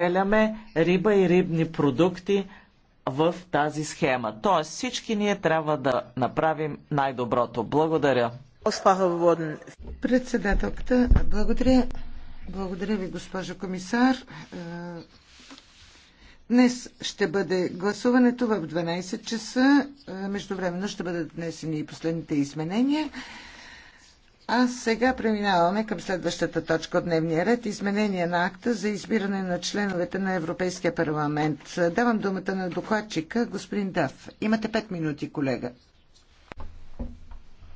определяме риба и рибни продукти в тази схема. Тоест всички ние трябва да направим най-доброто. Благодаря. Председателката, благодаря. Благодаря ви, госпожо комисар. Е, днес ще бъде гласуването в 12 часа. Е, междувременно ще бъдат внесени и последните изменения. А сега преминаваме към следващата точка от дневния ред. Изменение на акта за избиране на членовете на Европейския парламент. Давам думата на докладчика, господин Дав. Имате пет минути, колега.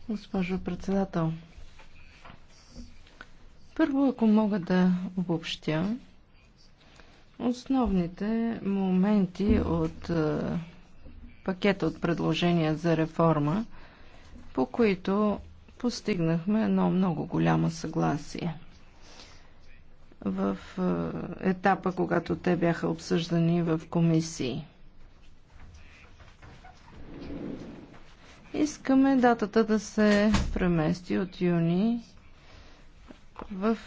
Госпожо председател, първо, ако мога да обобщя основните моменти от е, пакета от предложения за реформа, по които постигнахме едно много голямо съгласие. В е, етапа, когато те бяха обсъждани в комисии. Искаме датата да се премести от юни в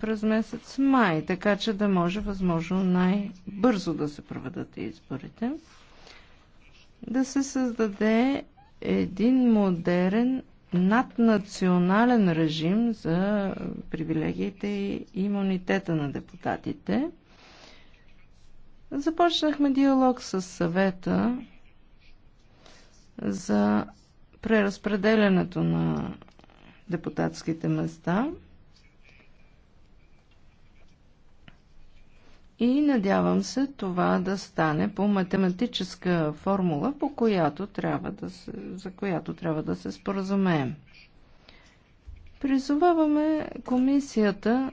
през месец май, така че да може възможно най-бързо да се проведат изборите, да се създаде един модерен наднационален режим за привилегиите и имунитета на депутатите. Започнахме диалог с съвета за преразпределянето на депутатските места – и надявам се това да стане по математическа формула, по която трябва да се, за която трябва да се споразумеем. Призоваваме комисията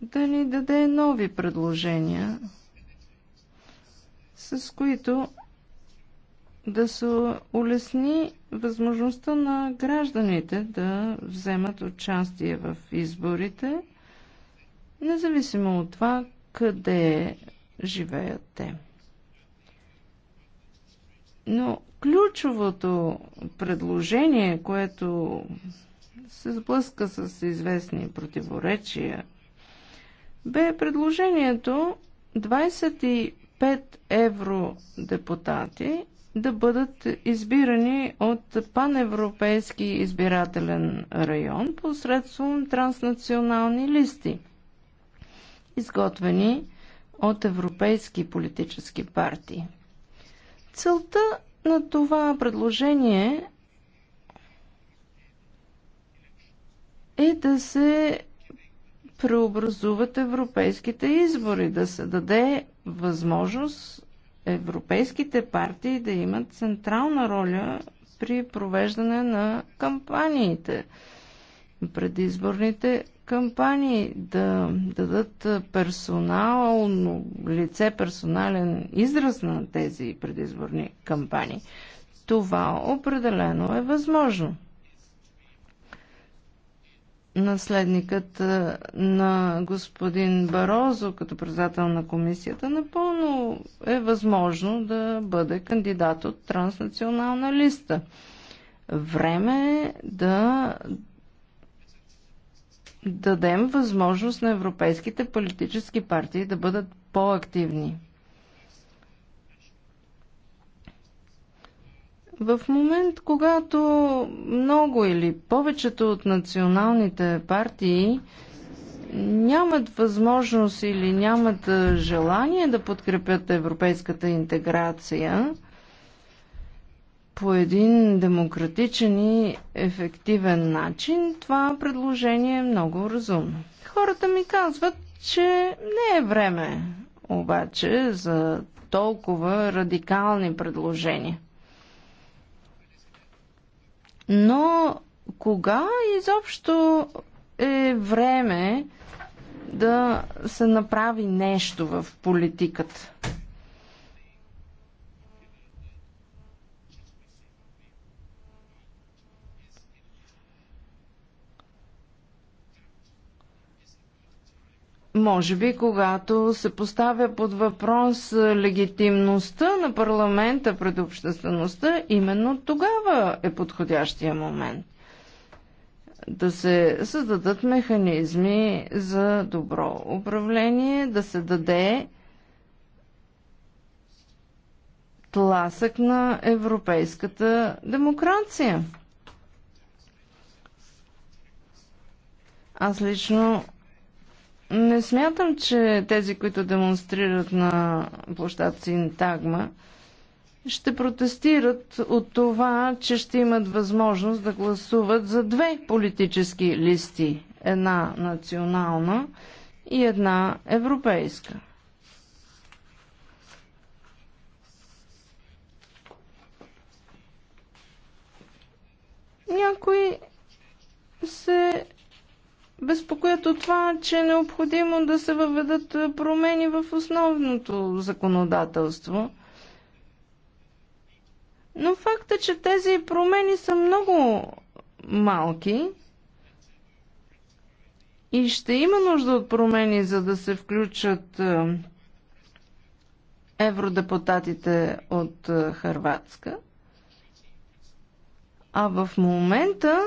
да ни даде нови предложения, с които да се улесни възможността на гражданите да вземат участие в изборите независимо от това къде живеят те. Но ключовото предложение, което се сблъска с известни противоречия, бе предложението 25 евро депутати да бъдат избирани от паневропейски избирателен район посредством транснационални листи – изготвени от европейски политически партии. Целта на това предложение е да се преобразуват европейските избори, да се даде възможност европейските партии да имат централна роля при провеждане на кампаниите, предизборните кампании, да дадат персонално лице, персонален израз на тези предизборни кампании. Това определено е възможно. Наследникът е, на господин Барозо като председател на комисията напълно е възможно да бъде кандидат от транснационална листа. Време е да дадем възможност на европейските политически партии да бъдат по-активни. В момент, когато много или повечето от националните партии нямат възможност или нямат желание да подкрепят европейската интеграция, по един демократичен и ефективен начин, това предложение е много разумно. Хората ми казват, че не е време обаче за толкова радикални предложения. Но кога изобщо е време да се направи нещо в политиката? Може би, когато се поставя под въпрос е, легитимността на парламента пред обществеността, именно тогава е подходящия момент да се създадат механизми за добро управление, да се даде тласък на европейската демокрация. Аз лично не смятам, че тези, които демонстрират на площад Синтагма, ще протестират от това, че ще имат възможност да гласуват за две политически листи. Една национална и една европейска. Някои се безпокоят от това, че е необходимо да се въведат промени в основното законодателство. Но факта, е, че тези промени са много малки и ще има нужда от промени, за да се включат евродепутатите от Харватска. А в момента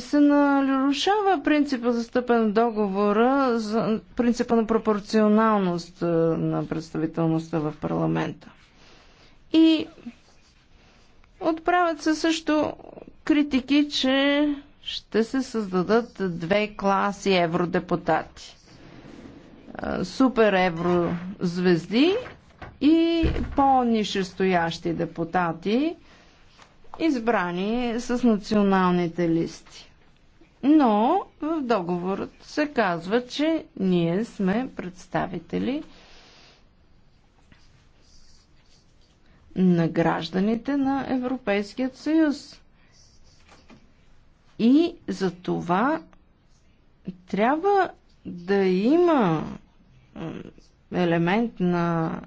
се нарушава принципа застъпен стъпен договора, за принципа на пропорционалност е, на представителността в парламента. И отправят се също критики, че ще се създадат две класи евродепутати. Е, супер еврозвезди и по-нишестоящи депутати, избрани с националните листи. Но в договорът се казва, че ние сме представители на гражданите на Европейският съюз. И за това трябва да има елемент на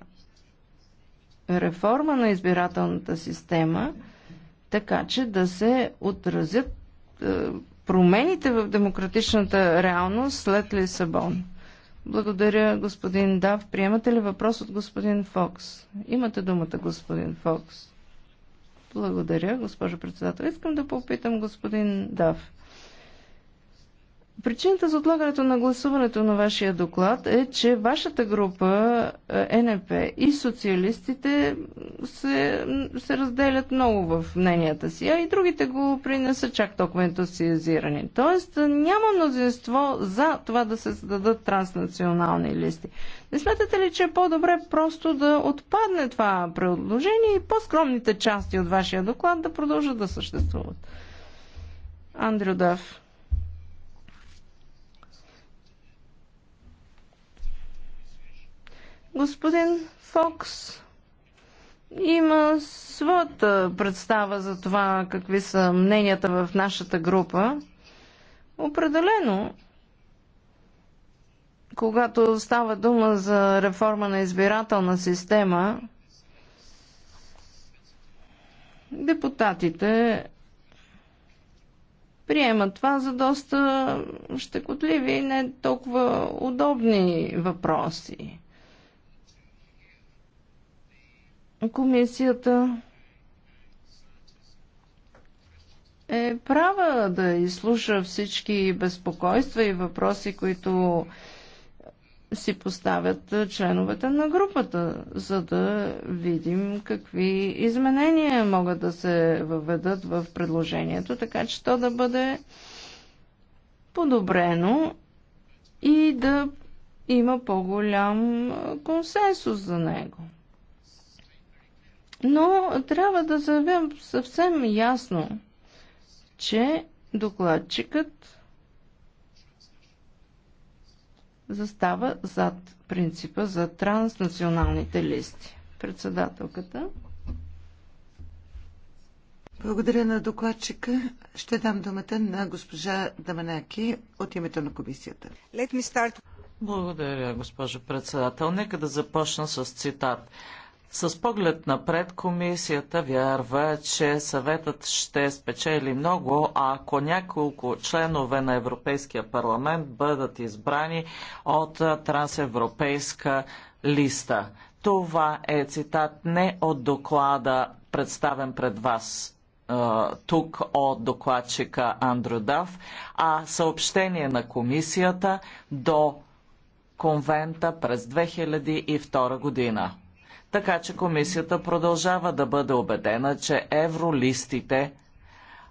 реформа на избирателната система – така че да се отразят е, промените в демократичната реалност след Лисабон. Благодаря, господин Дав. Приемате ли въпрос от господин Фокс? Имате думата, господин Фокс. Благодаря, госпожо председател. Искам да попитам господин Дав. Причината за отлагането на гласуването на вашия доклад е, че вашата група е, НП и социалистите се, се разделят много в мненията си, а и другите го принесат чак толкова ентусиазирани. Тоест няма мнозинство за това да се създадат транснационални листи. Не смятате ли, че е по-добре просто да отпадне това предложение и по-скромните части от вашия доклад да продължат да съществуват? Андрю Дав. Господин Фокс има своята представа за това какви са мненията в нашата група. Определено, когато става дума за реформа на избирателна система, депутатите приемат това за доста щекотливи и не толкова удобни въпроси. Комисията е права да изслуша всички безпокойства и въпроси, които си поставят членовете на групата, за да видим какви изменения могат да се въведат в предложението, така че то да бъде подобрено и да има по-голям консенсус за него. Но трябва да заявим съвсем ясно, че докладчикът застава зад принципа за транснационалните листи. Председателката. Благодаря на докладчика. Ще дам думата на госпожа Даманаки от името на комисията. Let me start. Благодаря, госпожо председател. Нека да започна с цитат. С поглед напред комисията вярва, че съветът ще спечели много, ако няколко членове на Европейския парламент бъдат избрани от трансевропейска листа. Това е цитат не от доклада, представен пред вас тук от докладчика Андрю Дав, а съобщение на комисията до конвента през 2002 година. Така че комисията продължава да бъде убедена, че евролистите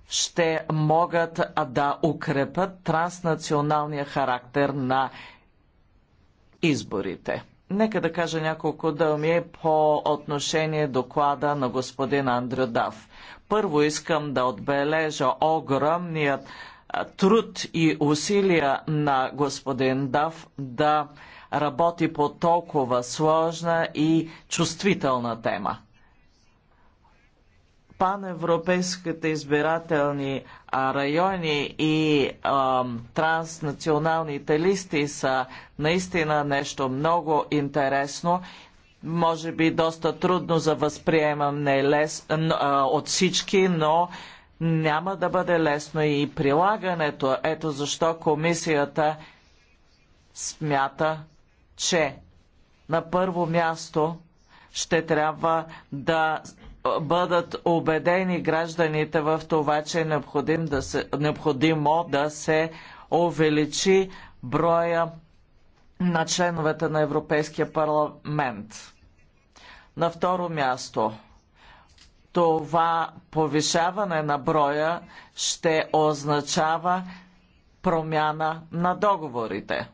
ще могат да укрепят транснационалния характер на изборите. Нека да кажа няколко думи по отношение доклада на господин Андрю Дав. Първо искам да отбележа огромният труд и усилия на господин Дав да работи по толкова сложна и чувствителна тема. Паневропейските избирателни райони и а, транснационалните листи са наистина нещо много интересно може би доста трудно за възприемане лес, а, от всички, но няма да бъде лесно и прилагането. Ето защо комисията смята, че на първо място ще трябва да бъдат убедени гражданите в това, че е необходим да се, необходимо да се увеличи броя на членовете на Европейския парламент. На второ място, това повишаване на броя ще означава промяна на договорите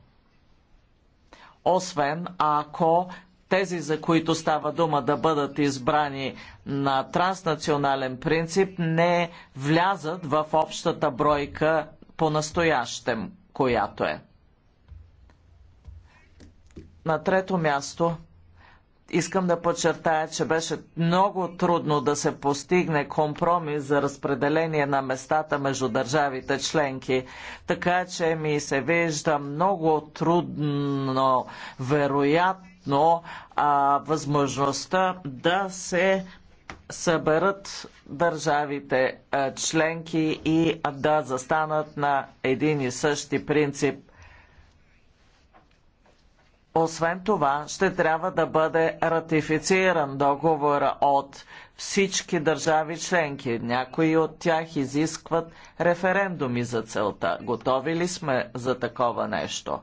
освен ако тези, за които става дума да бъдат избрани на транснационален принцип, не влязат в общата бройка по-настоящем, която е. На трето място Искам да подчертая, че беше много трудно да се постигне компромис за разпределение на местата между държавите членки, така че ми се вижда много трудно, вероятно, а, възможността да се съберат държавите членки и да застанат на един и същи принцип освен това, ще трябва да бъде ратифициран договор от всички държави членки. Някои от тях изискват референдуми за целта. Готови ли сме за такова нещо?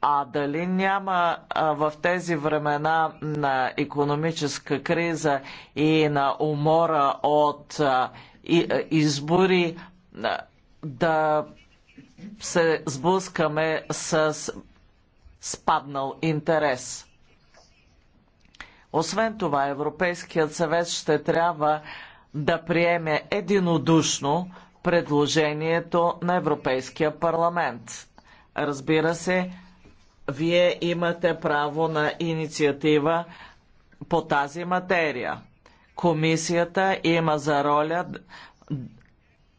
А дали няма а, в тези времена на економическа криза и на умора от а, и, а, избори да се сблъскаме с спаднал интерес. Освен това, Европейският съвет ще трябва да приеме единодушно предложението на Европейския парламент. Разбира се, вие имате право на инициатива по тази материя. Комисията има за роля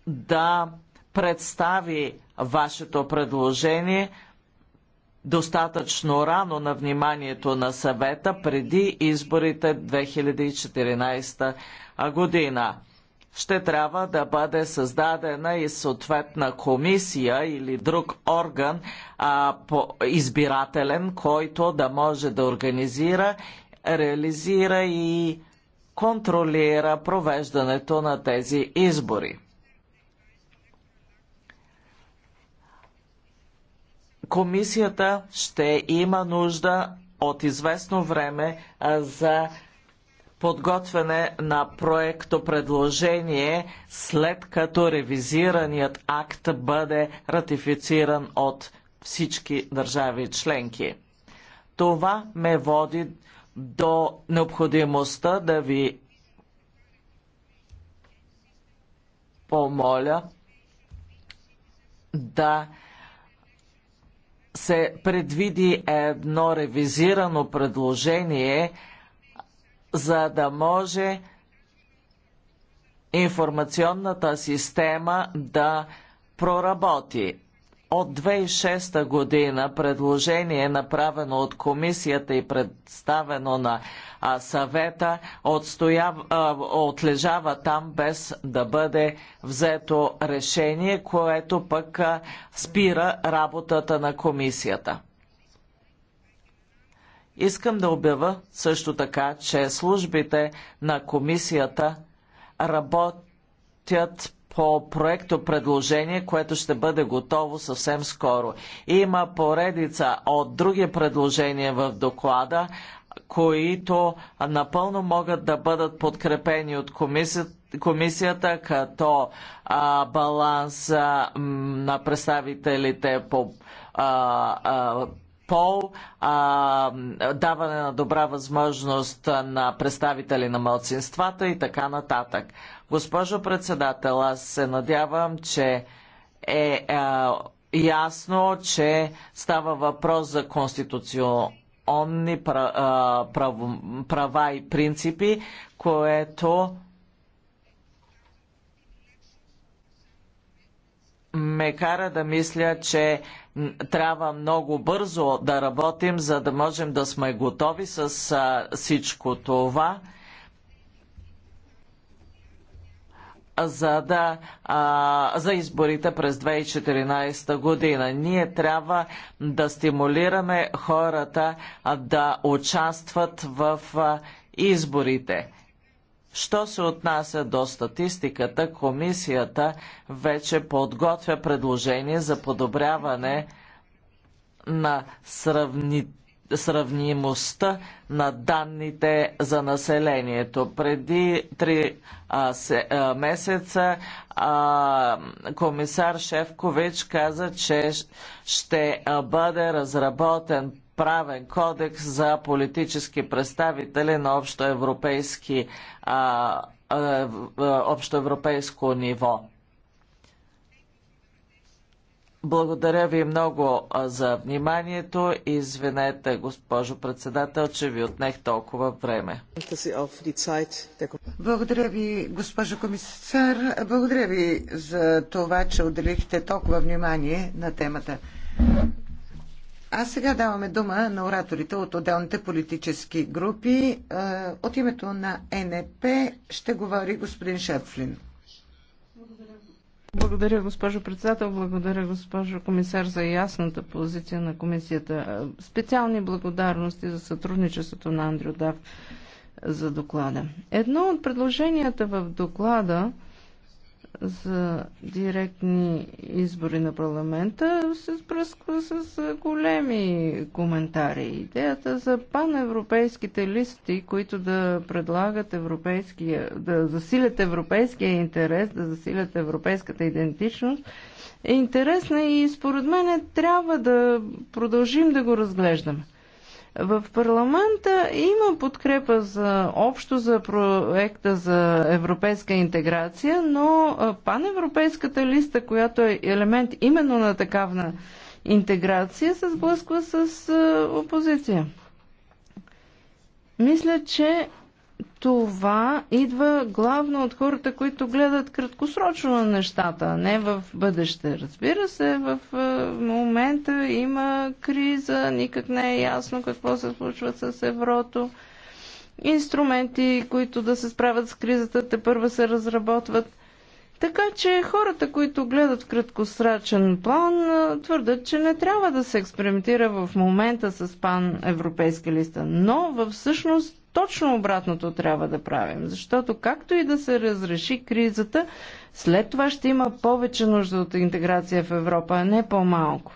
да представи вашето предложение – достатъчно рано на вниманието на съвета преди изборите 2014 година. Ще трябва да бъде създадена и съответна комисия или друг орган а, по, избирателен, който да може да организира, реализира и контролира провеждането на тези избори. комисията ще има нужда от известно време за подготвяне на проекто предложение, след като ревизираният акт бъде ратифициран от всички държави членки. Това ме води до необходимостта да ви помоля да се предвиди едно ревизирано предложение, за да може информационната система да проработи. От 2006 година предложение, направено от комисията и представено на съвета, отлежава там без да бъде взето решение, което пък спира работата на комисията. Искам да обява също така, че службите на комисията работят по проекто предложение, което ще бъде готово съвсем скоро. Има поредица от други предложения в доклада, които напълно могат да бъдат подкрепени от комисията комисията като а, баланс а, на представителите по а, а, пол, а, даване на добра възможност на представители на мълцинствата и така нататък. Госпожо председател, аз се надявам, че е а, ясно, че става въпрос за конституционни права и принципи, което ме кара да мисля, че трябва много бързо да работим, за да можем да сме готови с всичко това. за, да, а, за изборите през 2014 година. Ние трябва да стимулираме хората да участват в изборите. Що се отнася до статистиката, комисията вече подготвя предложение за подобряване на сравни... сравнимостта на данните за населението. Преди три а, се, а, месеца а, комисар Шефкович каза, че ще бъде разработен правен кодекс за политически представители на общоевропейски, а, а, общоевропейско ниво. Благодаря ви много за вниманието. Извинете, госпожо председател, че ви отнех толкова време. Благодаря ви, госпожо комисар. Благодаря ви за това, че отделихте толкова внимание на темата. А сега даваме дума на ораторите от отделните политически групи. Е, от името на НП ще говори господин Шепфлин. Благодаря, госпожо председател. Благодаря, госпожо комисар, за ясната позиция на комисията. Е, специални благодарности за сътрудничеството на Андрю Дав за доклада. Едно от предложенията в доклада за директни избори на парламента се спръсква с големи коментари. Идеята за паневропейските листи, които да предлагат европейския, да засилят европейския интерес, да засилят европейската идентичност, е интересна и според мен трябва да продължим да го разглеждаме. В парламента има подкрепа за общо за проекта за европейска интеграция, но паневропейската листа, която е елемент именно на такавна интеграция, се сблъсква с опозиция. Мисля, че това идва главно от хората, които гледат краткосрочно на нещата, а не в бъдеще. Разбира се, в е, момента има криза, никак не е ясно какво се случва с еврото. Инструменти, които да се справят с кризата, те първа се разработват – така че хората, които гледат в краткосрачен план, твърдат, че не трябва да се експериментира в момента с пан европейска листа. Но във всъщност точно обратното трябва да правим, защото както и да се разреши кризата, след това ще има повече нужда от интеграция в Европа, а не по-малко.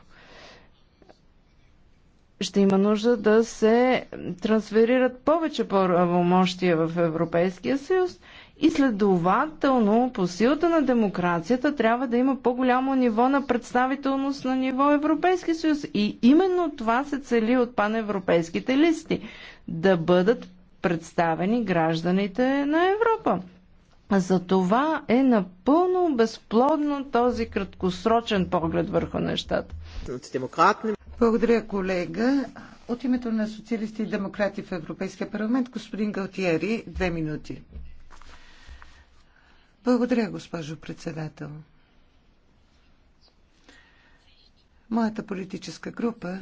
Ще има нужда да се трансферират повече правомощия в Европейския съюз – и следователно, по силата на демокрацията трябва да има по-голямо ниво на представителност на ниво Европейски съюз. И именно това се цели от паневропейските листи да бъдат представени гражданите на Европа. За това е напълно безплодно този краткосрочен поглед върху нещата. Благодаря, колега. От името на социалисти и демократи в Европейския парламент, господин Галтиери, две минути. Благодаря, госпожо председател. Моята политическа група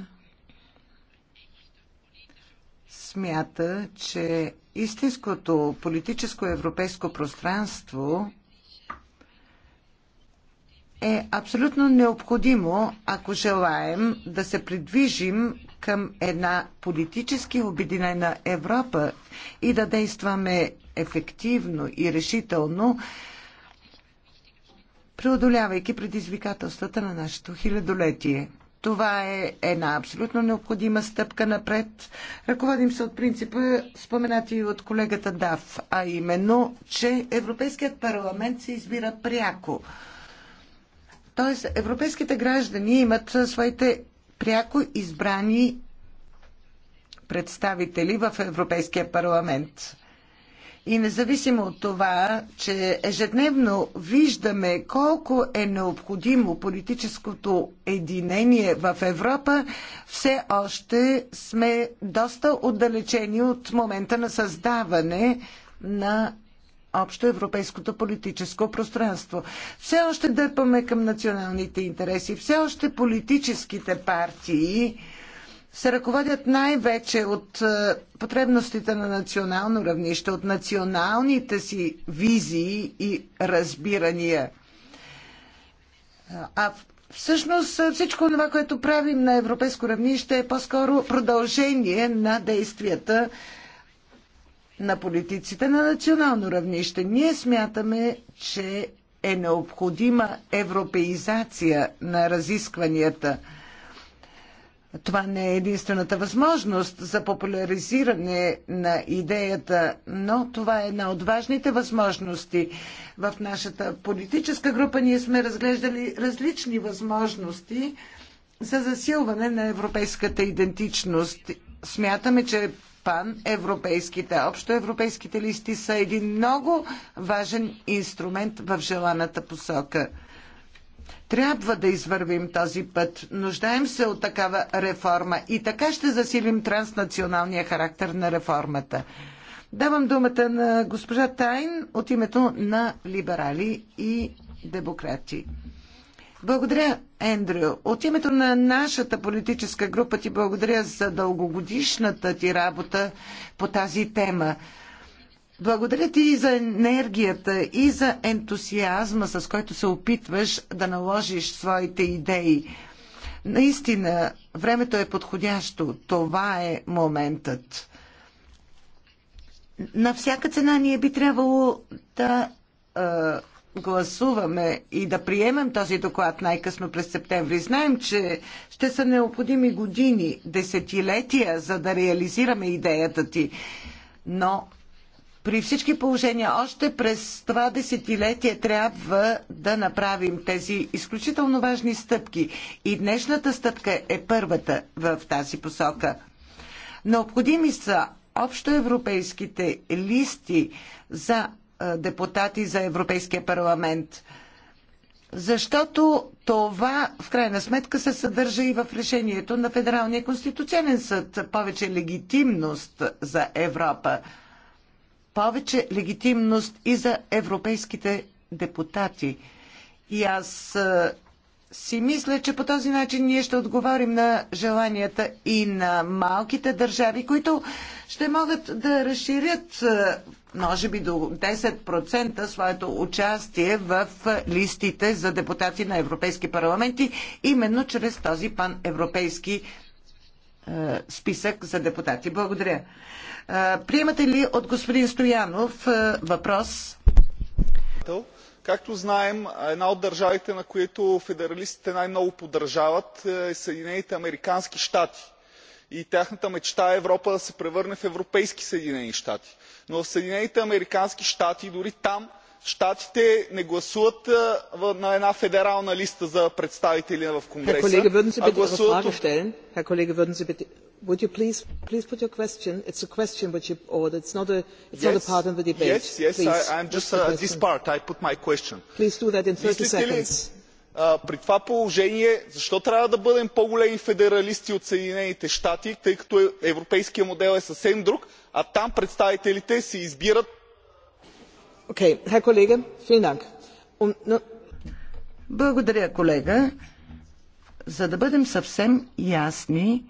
смята, че истинското политическо европейско пространство е абсолютно необходимо, ако желаем да се придвижим към една политически обединена Европа и да действаме ефективно и решително, преодолявайки предизвикателствата на нашето хилядолетие. Това е една абсолютно необходима стъпка напред. Ръководим се от принципа, споменати и от колегата Дав, а именно, че Европейският парламент се избира пряко. Тоест, европейските граждани имат своите пряко избрани представители в Европейския парламент. И независимо от това, че ежедневно виждаме колко е необходимо политическото единение в Европа, все още сме доста отдалечени от момента на създаване на общо европейското политическо пространство. Все още дърпаме към националните интереси, все още политическите партии се ръководят най-вече от е, потребностите на национално равнище, от националните си визии и разбирания. А всъщност е, всичко това, което правим на европейско равнище е по-скоро продължение на действията на политиците на национално равнище. Ние смятаме, че е необходима европеизация на разискванията. Това не е единствената възможност за популяризиране на идеята, но това е една от важните възможности. В нашата политическа група ние сме разглеждали различни възможности за засилване на европейската идентичност. Смятаме, че паневропейските, общоевропейските листи са един много важен инструмент в желаната посока. Трябва да извървим този път. Нуждаем се от такава реформа и така ще засилим транснационалния характер на реформата. Давам думата на госпожа Тайн от името на либерали и демократи. Благодаря, Ендрю. От името на нашата политическа група ти благодаря за дългогодишната ти работа по тази тема. Благодаря ти и за енергията, и за ентусиазма, с който се опитваш да наложиш своите идеи. Наистина, времето е подходящо. Това е моментът. На всяка цена ние би трябвало да гласуваме и да приемем този доклад най-късно през септември. Знаем, че ще са необходими години, десетилетия, за да реализираме идеята ти. Но при всички положения, още през това десетилетие трябва да направим тези изключително важни стъпки. И днешната стъпка е първата в тази посока. Необходими са общоевропейските листи за депутати за Европейския парламент. Защото това, в крайна сметка, се съдържа и в решението на Федералния конституционен съд. Повече легитимност за Европа. Повече легитимност и за европейските депутати. И аз си мисля, че по този начин ние ще отговорим на желанията и на малките държави, които ще могат да разширят може би до 10% своето участие в листите за депутати на европейски парламенти, именно чрез този паневропейски е, списък за депутати. Благодаря. Е, приемате ли от господин Стоянов е, въпрос? Както знаем, една от държавите, на които федералистите най-много поддържават, е Съединените Американски щати. И тяхната мечта е Европа да се превърне в европейски Съединени щати но в съединените американски щати дори там щатите не гласуват на една федерална листа за представители в конгреса а гласуват Would you please please put your question? It's a question which you ordered. It's not a it's yes. not a part of the debate. Yes, yes. Please. I, I'm just uh, this part. I put my question. Please do that in 30 seconds при това положение защо трябва да бъдем по големи федералисти от съединените щати тъй като е, европейският модел е съвсем друг а там представителите се избират благодаря, колега. За да бъдем съвсем ясни,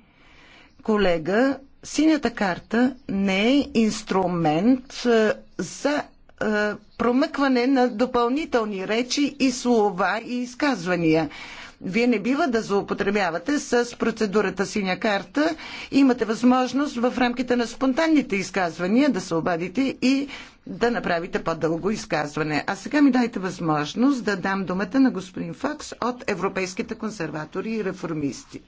колега, синята карта не е инструмент е, за е, промъкване на допълнителни речи и слова и изказвания. Вие не бива да злоупотребявате с процедурата синя карта. Имате възможност в рамките на спонтанните изказвания да се обадите и да направите по-дълго изказване. А сега ми дайте възможност да дам думата на господин Факс от Европейските консерватори и реформисти.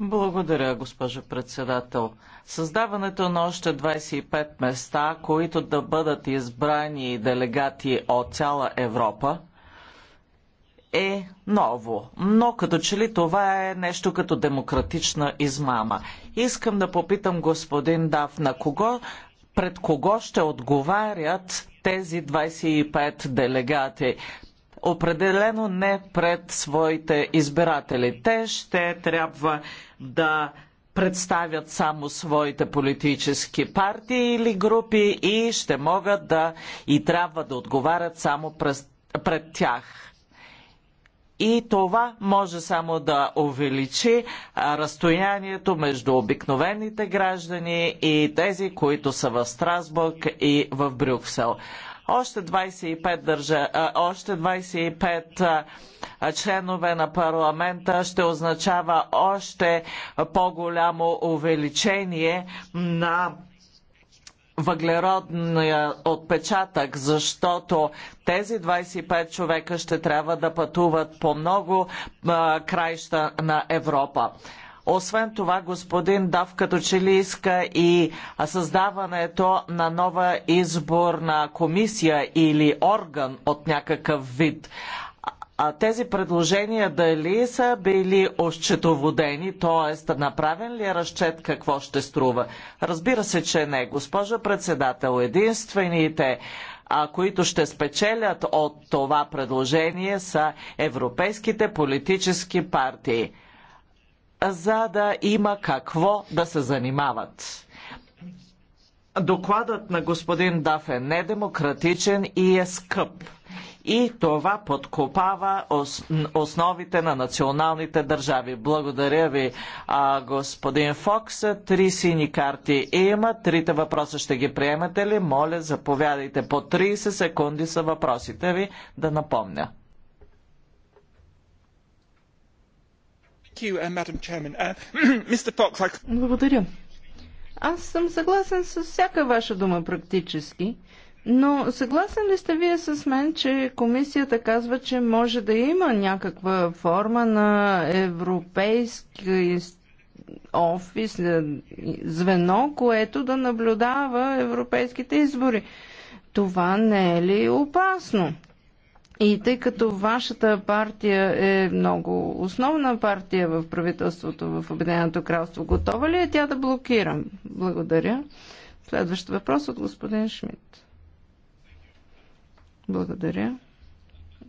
Благодаря, госпожо председател. Създаването на още 25 места, които да бъдат избрани делегати от цяла Европа, е ново, но като че ли това е нещо като демократична измама. Искам да попитам господин Дав, на кого, пред кого ще отговарят тези 25 делегати? определено не пред своите избиратели. Те ще трябва да представят само своите политически партии или групи и ще могат да и трябва да отговарят само през, пред тях. И това може само да увеличи разстоянието между обикновените граждани и тези, които са в Страсбург и в Брюксел. Още 25, държа, още 25 членове на парламента ще означава още по-голямо увеличение на въглеродния отпечатък, защото тези 25 човека ще трябва да пътуват по много а, краища на Европа. Освен това, господин Дав като че ли иска и създаването на нова изборна комисия или орган от някакъв вид. А тези предложения дали са били ощетоводени, т.е. направен ли е разчет какво ще струва? Разбира се, че не. Госпожа председател, единствените а, които ще спечелят от това предложение са европейските политически партии за да има какво да се занимават. Докладът на господин Даф е недемократичен и е скъп. И това подкопава основите на националните държави. Благодаря ви, господин Фокс. Три сини карти има. Трите въпроса ще ги приемете ли? Моля, заповядайте. По 30 секунди са въпросите ви, да напомня. Uh, uh, Благодаря. Аз съм съгласен с всяка ваша дума практически, но съгласен ли сте вие с мен, че комисията казва, че може да има някаква форма на европейски офис, звено, което да наблюдава европейските избори? Това не е ли опасно? И тъй като вашата партия е много основна партия в правителството в Обединеното кралство, готова ли е тя да блокира? Благодаря. Следващ въпрос от господин Шмидт. Благодаря.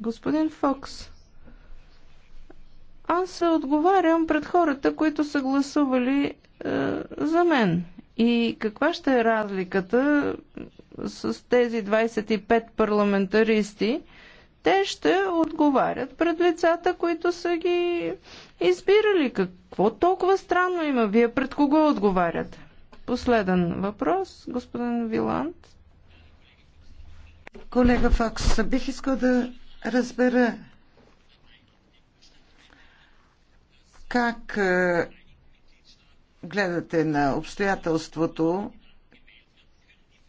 Господин Фокс, аз се отговарям пред хората, които са гласували е, за мен. И каква ще е разликата с тези 25 парламентаристи, те ще отговарят пред лицата, които са ги избирали. Какво толкова странно има? Вие пред кого отговаряте? Последен въпрос, господин Виланд. Колега Факс, бих искал да разбера как е, гледате на обстоятелството,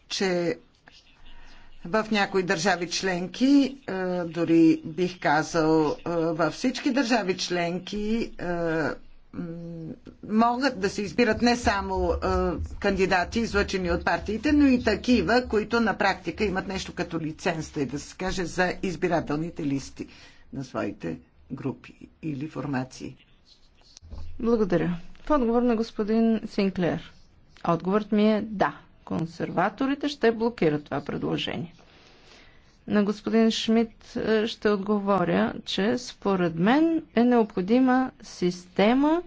че в някои държави членки, е, дори бих казал е, във всички държави членки, е, могат да се избират не само кандидати, излъчени от партиите, но и такива, които на практика имат нещо като лиценз, и да се каже, за избирателните листи на своите групи или формации. Благодаря. В отговор на господин Синклер. Отговорът ми е да консерваторите ще блокират това предложение. На господин Шмидт е, ще отговоря, че според мен е необходима система,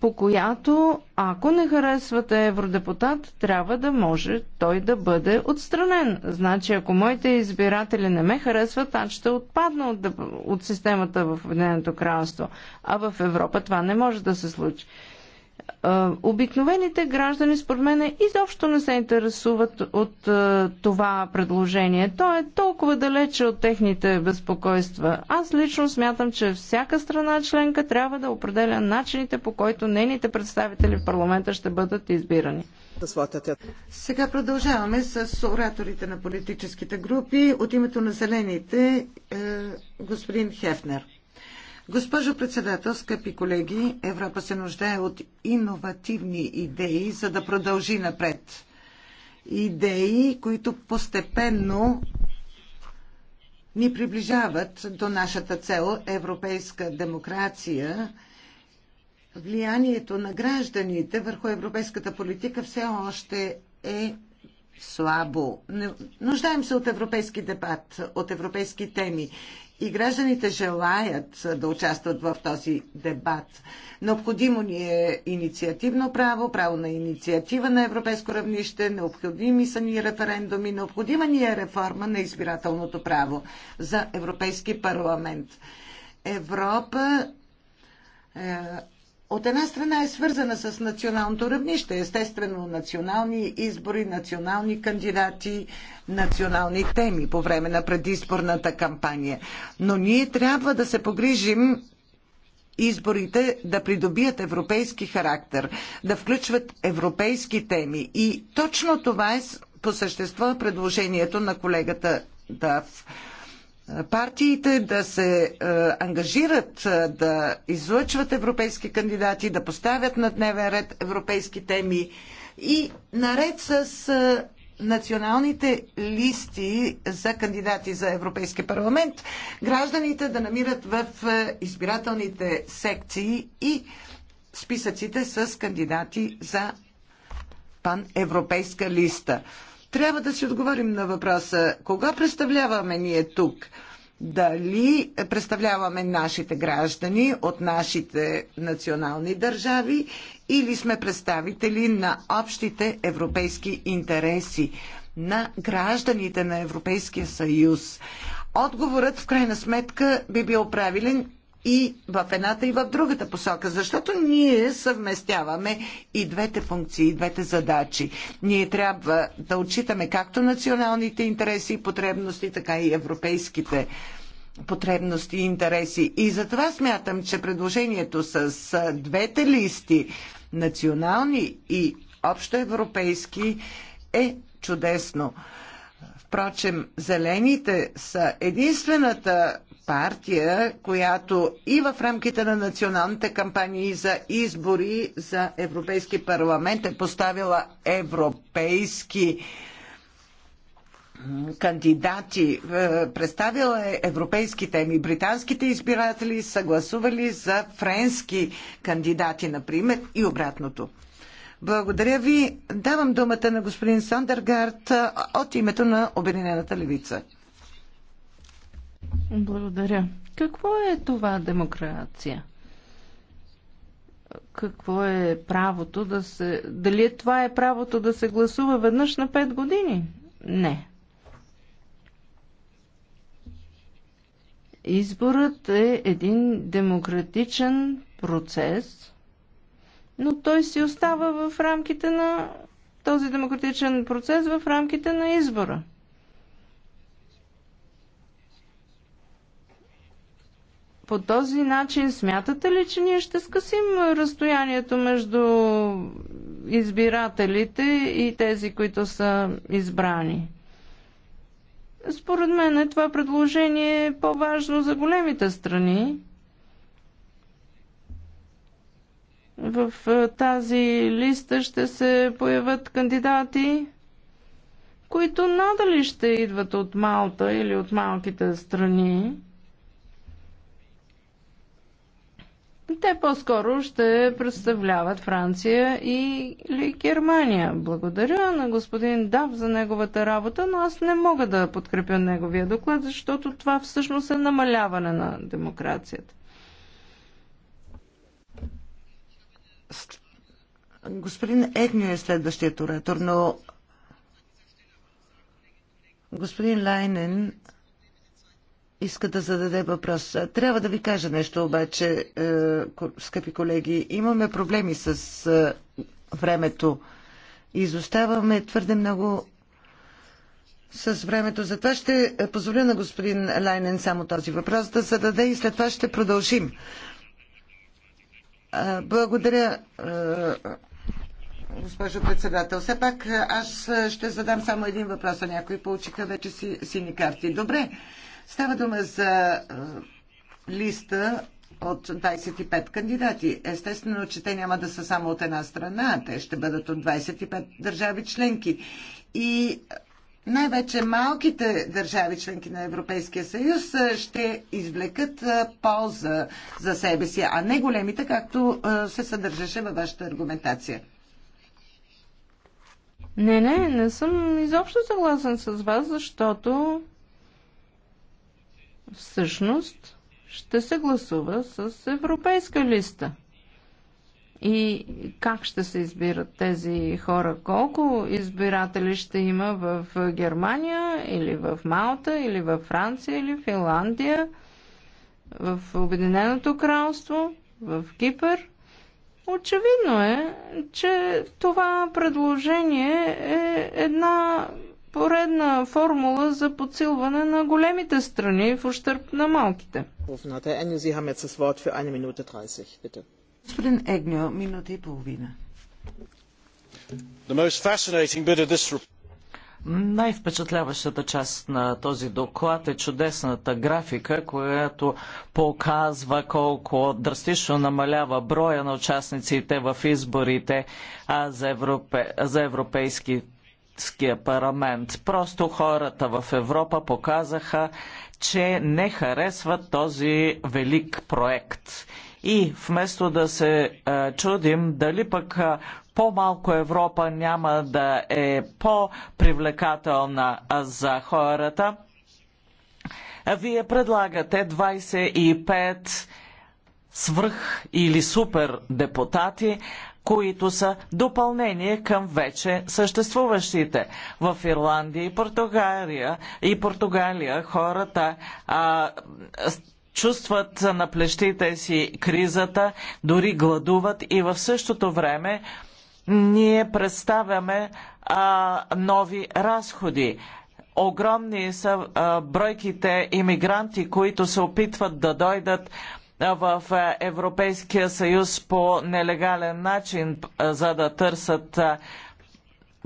по която, ако не харесвате евродепутат, трябва да може той да бъде отстранен. Значи, ако моите избиратели не ме харесват, аз ще отпадна от, от системата в Обединеното кралство. А в Европа това не може да се случи. Обикновените граждани, според мен, изобщо не се интересуват от това предложение. То е толкова далече от техните безпокойства. Аз лично смятам, че всяка страна членка трябва да определя начините, по които нейните представители в парламента ще бъдат избирани. Сега продължаваме с ораторите на политическите групи. От името на зелените, е, господин Хефнер. Госпожо председател, скъпи колеги, Европа се нуждае от иновативни идеи, за да продължи напред. Идеи, които постепенно ни приближават до нашата цел европейска демокрация. Влиянието на гражданите върху европейската политика все още е слабо. Нуждаем се от европейски дебат, от европейски теми и гражданите желаят да участват в този дебат. Необходимо ни е инициативно право, право на инициатива на европейско равнище, необходими са ни референдуми, необходима ни е реформа на избирателното право за Европейски парламент. Европа е, от една страна е свързана с националното равнище. Естествено, национални избори, национални кандидати, национални теми по време на предизборната кампания. Но ние трябва да се погрижим изборите да придобият европейски характер, да включват европейски теми. И точно това е по същество предложението на колегата Дав. Да е, партиите да се е, ангажират е, да излъчват европейски кандидати, да поставят на дневен ред европейски теми и наред с националните листи за кандидати за Европейски парламент, гражданите да намират в избирателните секции и списъците с кандидати за паневропейска листа. Трябва да си отговорим на въпроса, кога представляваме ние тук? Дали представляваме нашите граждани от нашите национални държави или сме представители на общите европейски интереси? на гражданите на Европейския съюз. Отговорът в крайна сметка би бил правилен и в едната и в другата посока, защото ние съвместяваме и двете функции, и двете задачи. Ние трябва да отчитаме както националните интереси и потребности, така и европейските потребности и интереси. И затова смятам, че предложението с двете листи, национални и общоевропейски, е чудесно. Впрочем, зелените са единствената партия, която и в рамките на националните кампании за избори за Европейски парламент е поставила европейски кандидати, е, представила е европейски теми. Британските избиратели са гласували за френски кандидати, например, и обратното. Благодаря ви. Давам думата на господин Сандергард от името на Обединената левица. Благодаря. Какво е това демокрация? Какво е правото да се... Дали е това е правото да се гласува веднъж на 5 години? Не. Изборът е един демократичен процес, но той си остава в рамките на този демократичен процес в рамките на избора. по този начин смятате ли, че ние ще скъсим разстоянието между избирателите и тези, които са избрани? Според мен е това предложение е по-важно за големите страни. В е, тази листа ще се появят кандидати, които надали ще идват от Малта или от малките страни. Те по-скоро ще представляват Франция и или Германия. Благодаря на господин Дав за неговата работа, но аз не мога да подкрепя неговия доклад, защото това всъщност е намаляване на демокрацията. Господин Егню е следващият оратор, но господин Лайнен иска да зададе въпрос. Трябва да ви кажа нещо обаче, е, скъпи колеги. Имаме проблеми с е, времето. Изоставаме твърде много с времето. Затова ще позволя на господин Лайнен само този въпрос да зададе и след това ще продължим. Е, благодаря, госпожо председател. Все пак аз ще задам само един въпрос, а някои получиха вече си, сини карти. Добре. Става дума за листа от 25 кандидати. Естествено, че те няма да са само от една страна, те ще бъдат от 25 държави членки. И най-вече малките държави членки на Европейския съюз ще извлекат полза за себе си, а не големите, както се съдържаше във вашата аргументация. Не, не, не съм изобщо съгласен с вас, защото всъщност ще се гласува с европейска листа. И как ще се избират тези хора? Колко избиратели ще има в Германия или в Малта или в Франция или в Финландия, в Обединеното кралство, в Кипър? Очевидно е, че това предложение е една поредна формула за подсилване на големите страни в ущърп на малките. Господин Егньо, минута и половина. Най-впечатляващата част на този доклад е чудесната графика, която показва колко драстично намалява броя на участниците в изборите за, европе... за европейски Европейския парламент. Просто хората в Европа показаха, че не харесват този велик проект. И вместо да се е, чудим дали пък е, по-малко Европа няма да е по-привлекателна за хората, вие предлагате 25 свръх или супер депутати, които са допълнение към вече съществуващите. В Ирландия и Португалия, и Португалия хората а, чувстват на плещите си кризата, дори гладуват и в същото време ние представяме а, нови разходи. Огромни са а, бройките иммигранти, които се опитват да дойдат в е, Европейския съюз по нелегален начин, е, за да търсят е,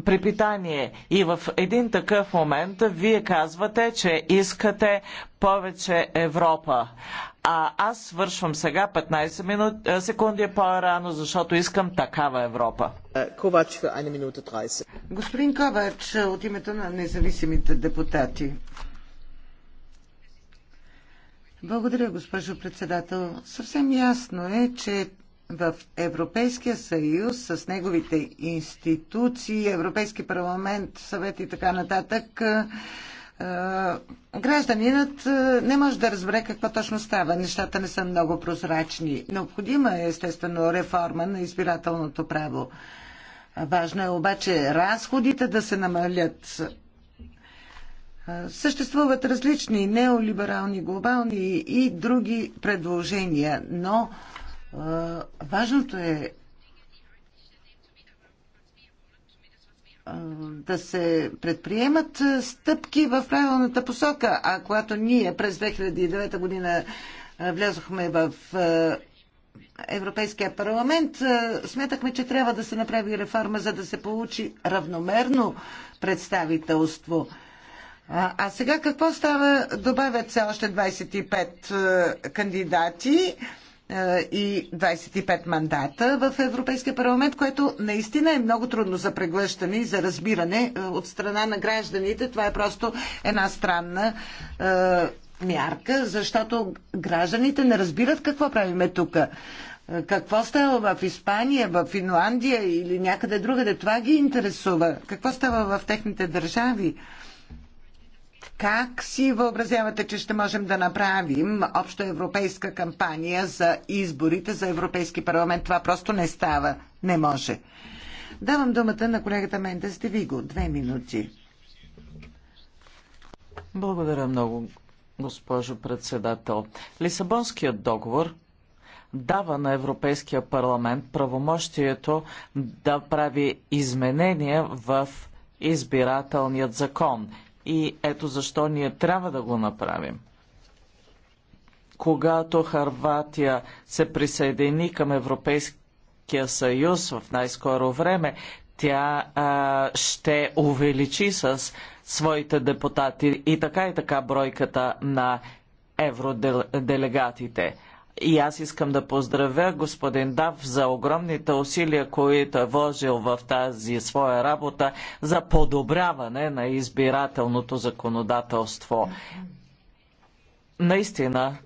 препитание. И в един такъв момент вие казвате, че искате повече Европа. А аз свършвам сега 15 минут, секунди по-рано, защото искам такава Европа. Ковач, минута 30. Господин Ковач, от името на независимите депутати. Благодаря, госпожо председател. Съвсем ясно е, че в Европейския съюз с неговите институции, Европейски парламент, съвет и така нататък, гражданинът не може да разбере какво точно става. Нещата не са много прозрачни. Необходима е, естествено, реформа на избирателното право. Важно е обаче разходите да се намалят Съществуват различни неолиберални, глобални и други предложения, но важното е да се предприемат стъпки в правилната посока. А когато ние през 2009 година влязохме в Европейския парламент, сметахме, че трябва да се направи реформа, за да се получи равномерно представителство. А, а сега какво става? Добавят се още 25 е, кандидати е, и 25 мандата в Европейския парламент, което наистина е много трудно за преглъщане и за разбиране е, от страна на гражданите. Това е просто една странна е, мярка, защото гражданите не разбират какво правиме тук. Е, какво става в Испания, в Финландия или някъде другаде? Това ги интересува. Какво става в техните държави? Как си въобразявате, че ще можем да направим обща европейска кампания за изборите за Европейски парламент? Това просто не става. Не може. Давам думата на колегата Мендес Девиго. Две минути. Благодаря много, госпожо председател. Лисабонският договор дава на Европейския парламент правомощието да прави изменения в избирателният закон и ето защо ние трябва да го направим. Когато Харватия се присъедини към Европейския съюз в най-скоро време, тя а, ще увеличи с своите депутати и така и така бройката на евроделегатите. И аз искам да поздравя господин Дав за огромните усилия, които е вложил в тази своя работа за подобряване на избирателното законодателство. Наистина,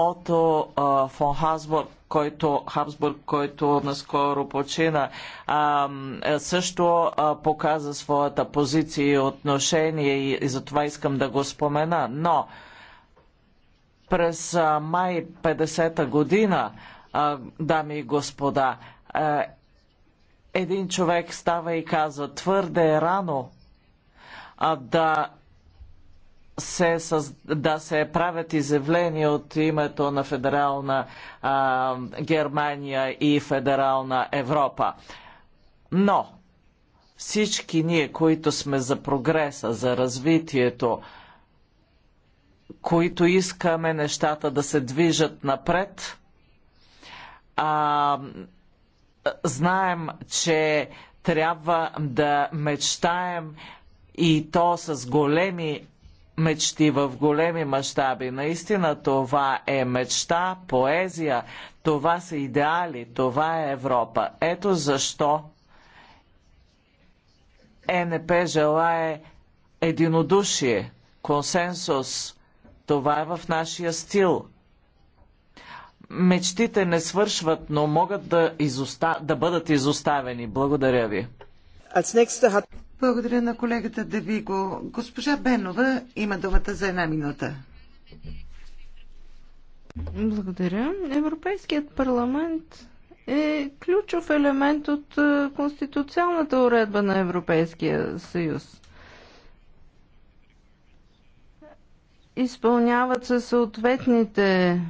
Ото фон Хасбург, който, Хабсбург, който наскоро почина, а, е, също а, показа своята позиция и отношение и, и това искам да го спомена. Но през а, май 50-та година, а, дами и господа, а, един човек става и казва, твърде е рано а, да се, да се правят изявления от името на федерална а, Германия и федерална Европа. Но всички ние, които сме за прогреса, за развитието, които искаме нещата да се движат напред, а, знаем, че трябва да мечтаем и то с големи мечти в големи мащаби. Наистина това е мечта, поезия, това са идеали, това е Европа. Ето защо ЕНП желае единодушие, консенсус. Това е в нашия стил. Мечтите не свършват, но могат да, изоста... да бъдат изоставени. Благодаря ви. Благодаря на колегата Давиго. Госпожа Бенова има думата за една минута. Благодаря. Европейският парламент е ключов елемент от е, конституционната уредба на Европейския съюз. Изпълняват се съответните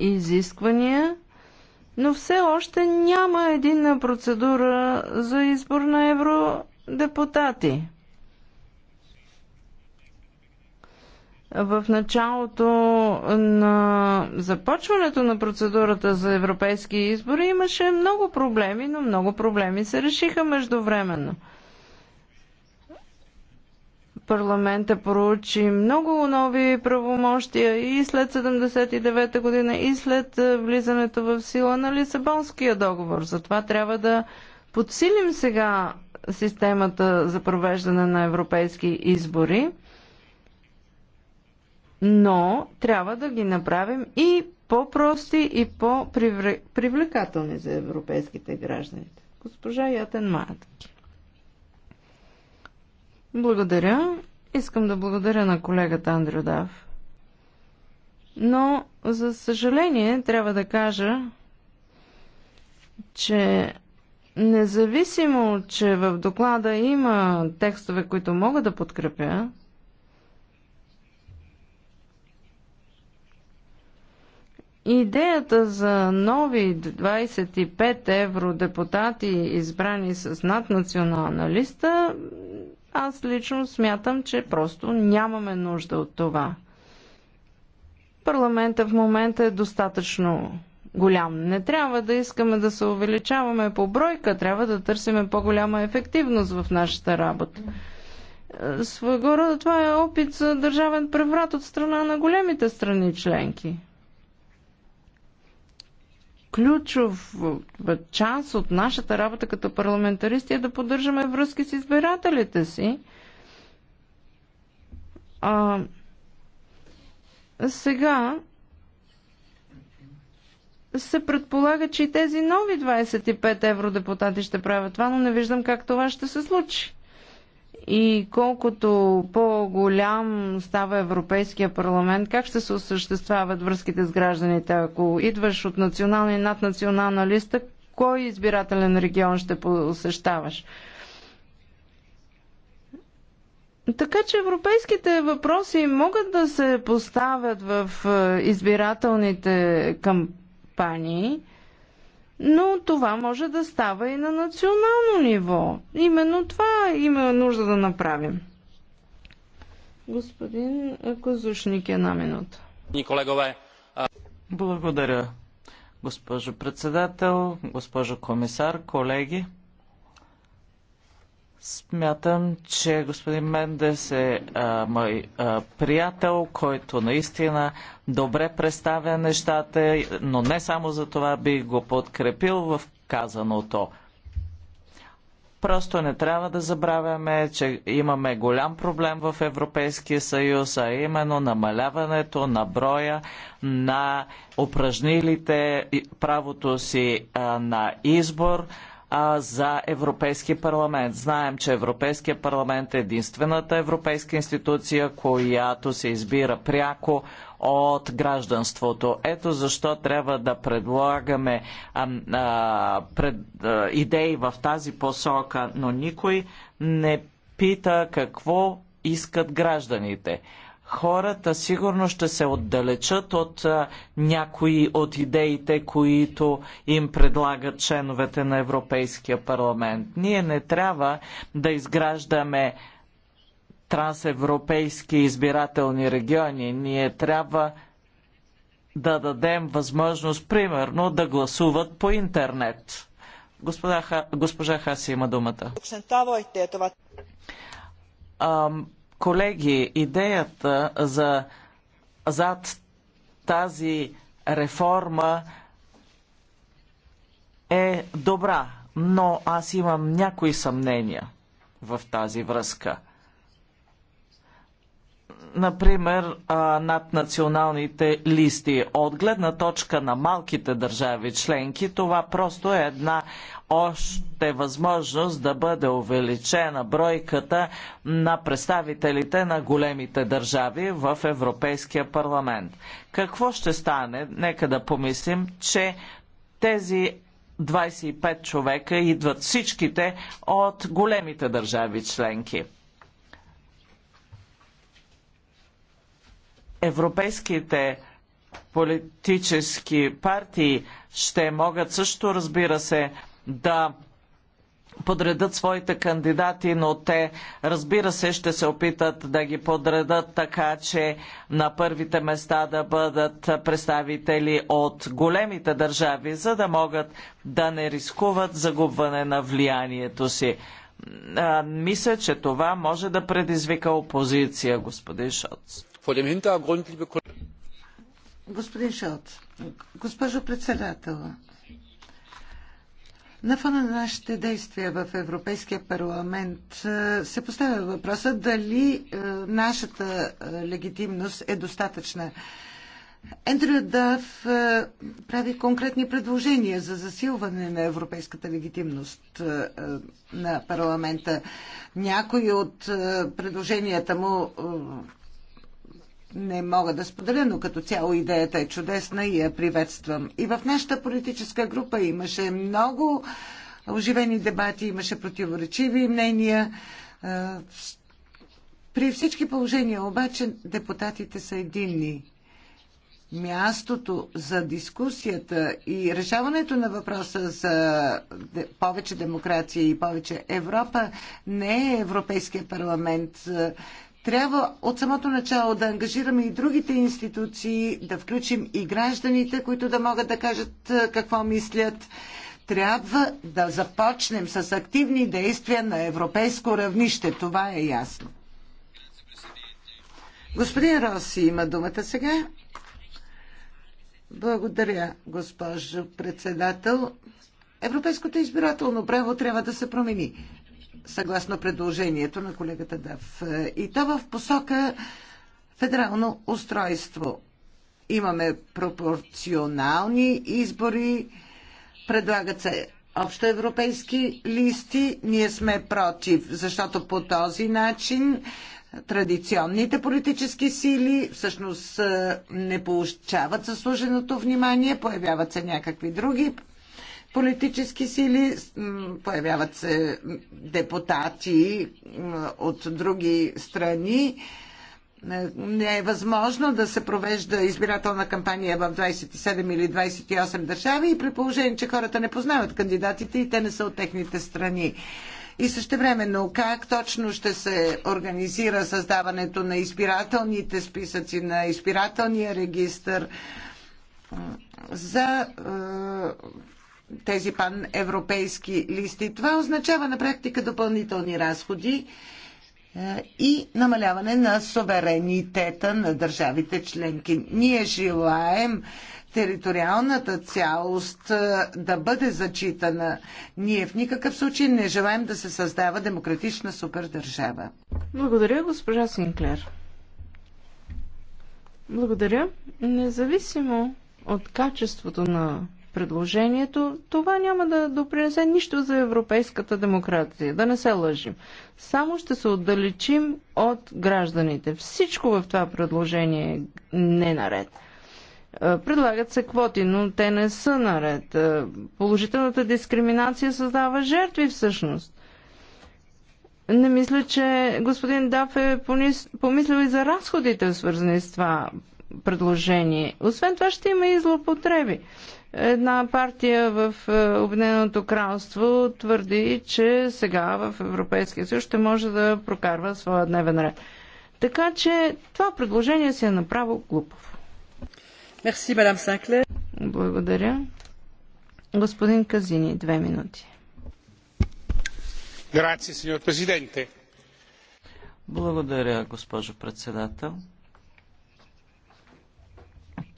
изисквания, но все още няма единна процедура за избор на евро депутати. В началото на започването на процедурата за европейски избори имаше много проблеми, но много проблеми се решиха междувременно. Парламента проучи много нови правомощия и след 79-та година, и след е, влизането в сила на Лисабонския договор. Затова трябва да подсилим сега системата за провеждане на европейски избори, но трябва да ги направим и по-прости и по-привлекателни за европейските граждани. Госпожа Ятен Матки. Благодаря. Искам да благодаря на колегата Андрю Дав. Но, за съжаление, трябва да кажа, че Независимо, че в доклада има текстове, които мога да подкрепя, Идеята за нови 25 евродепутати, избрани с наднационална листа, аз лично смятам, че просто нямаме нужда от това. Парламента в момента е достатъчно голям. Не трябва да искаме да се увеличаваме по бройка, трябва да търсиме по-голяма ефективност в нашата работа. Е, своего рода това е опит за държавен преврат от страна на големите страни членки. Ключов е, част от нашата работа като парламентаристи е да поддържаме връзки с избирателите си. А, сега се предполага, че и тези нови 25 евродепутати ще правят това, но не виждам как това ще се случи. И колкото по-голям става Европейския парламент, как ще се осъществяват връзките с гражданите? Ако идваш от национална и наднационална листа, кой избирателен регион ще посещаваш? Така че европейските въпроси могат да се поставят в е, избирателните кампании компании, но това може да става и на национално ниво. Именно това има е нужда да направим. Господин Козушник, една минута. А... Благодаря, госпожо председател, госпожо комисар, колеги. Смятам, че господин Мендес е а, мой а, приятел, който наистина добре представя нещата, но не само за това би го подкрепил в казаното. Просто не трябва да забравяме, че имаме голям проблем в Европейския съюз, а именно намаляването на броя на упражнилите правото си а, на избор – а, за Европейския парламент. Знаем, че Европейския парламент е единствената европейска институция, която се избира пряко от гражданството. Ето защо трябва да предлагаме а, а, пред, а, идеи в тази посока, но никой не пита какво искат гражданите хората сигурно ще се отдалечат от а, някои от идеите, които им предлагат членовете на Европейския парламент. Ние не трябва да изграждаме трансевропейски избирателни региони. Ние трябва да дадем възможност, примерно, да гласуват по интернет. госпожа Хаси има думата Колеги, идеята за зад тази реформа е добра, но аз имам някои съмнения в тази връзка. Например, над националните листи. От гледна точка на малките държави членки, това просто е една още възможност да бъде увеличена бройката на представителите на големите държави в Европейския парламент. Какво ще стане? Нека да помислим, че тези 25 човека идват всичките от големите държави членки. Европейските политически партии ще могат също, разбира се, да подредат своите кандидати, но те, разбира се, ще се опитат да ги подредат така, че на първите места да бъдат представители от големите държави, за да могат да не рискуват загубване на влиянието си. А, мисля, че това може да предизвика опозиция, господин Шоц. Господин Шоц, госпожо председател, на фона на нашите действия в Европейския парламент е, се поставя въпроса дали е, нашата е, легитимност е достатъчна. Ендрю Дав прави конкретни предложения за засилване на европейската легитимност на парламента. Някои от предложенията му не мога да споделя, но като цяло идеята е чудесна и я приветствам. И в нашата политическа група имаше много оживени дебати, имаше противоречиви мнения. Е, при всички положения обаче депутатите са единни. Мястото за дискусията и решаването на въпроса за повече демокрация и повече Европа не е Европейския парламент. Е, трябва от самото начало да ангажираме и другите институции, да включим и гражданите, които да могат да кажат какво мислят. Трябва да започнем с активни действия на европейско равнище. Това е ясно. Господин Роси има думата сега. Благодаря, госпожо председател. Европейското избирателно право трябва да се промени съгласно предложението на колегата Дав. И то в посока федерално устройство. Имаме пропорционални избори, предлагат се общоевропейски листи. Ние сме против, защото по този начин традиционните политически сили всъщност е, не получават заслуженото внимание, появяват се някакви други политически сили, появяват се депутати от други страни. Не е възможно да се провежда избирателна кампания в 27 или 28 държави и при положение, че хората не познават кандидатите и те не са от техните страни. И същевременно как точно ще се организира създаването на избирателните списъци, на избирателния регистр за е, тези паневропейски листи. Това означава на практика допълнителни разходи е, и намаляване на суверенитета на държавите членки. Ние желаем териториалната цялост е, да бъде зачитана. Ние в никакъв случай не желаем да се създава демократична супердържава. Благодаря, госпожа Синклер. Благодаря. Независимо от качеството на предложението, това няма да допринесе нищо за европейската демокрация. Да не се лъжим. Само ще се отдалечим от гражданите. Всичко в това предложение е ненаред. Е, предлагат се квоти, но те не са наред. Е, положителната дискриминация създава жертви всъщност. Не мисля, че господин Даф е помислил и за разходите, свързани с това предложение. Освен това ще има и злоупотреби. Една партия в е, Обединеното кралство твърди, че сега в Европейския съюз ще може да прокарва своя дневен ред. Така че това предложение си е направо глупов. Мерси, мадам Санклер. Благодаря. Господин Казини, две минути. Грация, сеньор президенте. Благодаря, госпожо председател.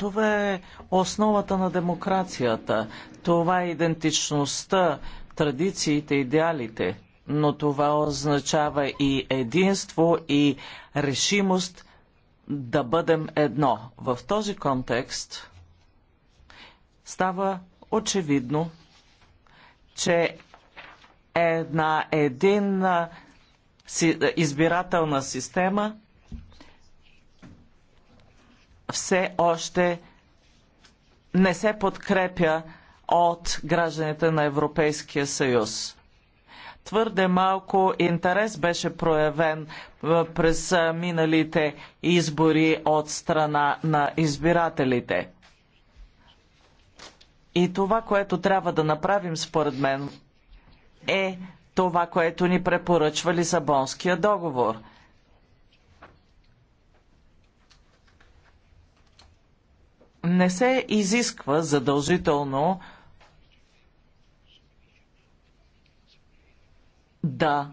Това е основата на демокрацията. Това е идентичността, традициите, идеалите. Но това означава и единство, и решимост да бъдем едно. В този контекст става очевидно, че една единна избирателна система – все още не се подкрепя от гражданите на Европейския съюз. Твърде малко интерес беше проявен през миналите избори от страна на избирателите. И това, което трябва да направим, според мен, е това, което ни препоръчва Лисабонския договор – не се изисква задължително да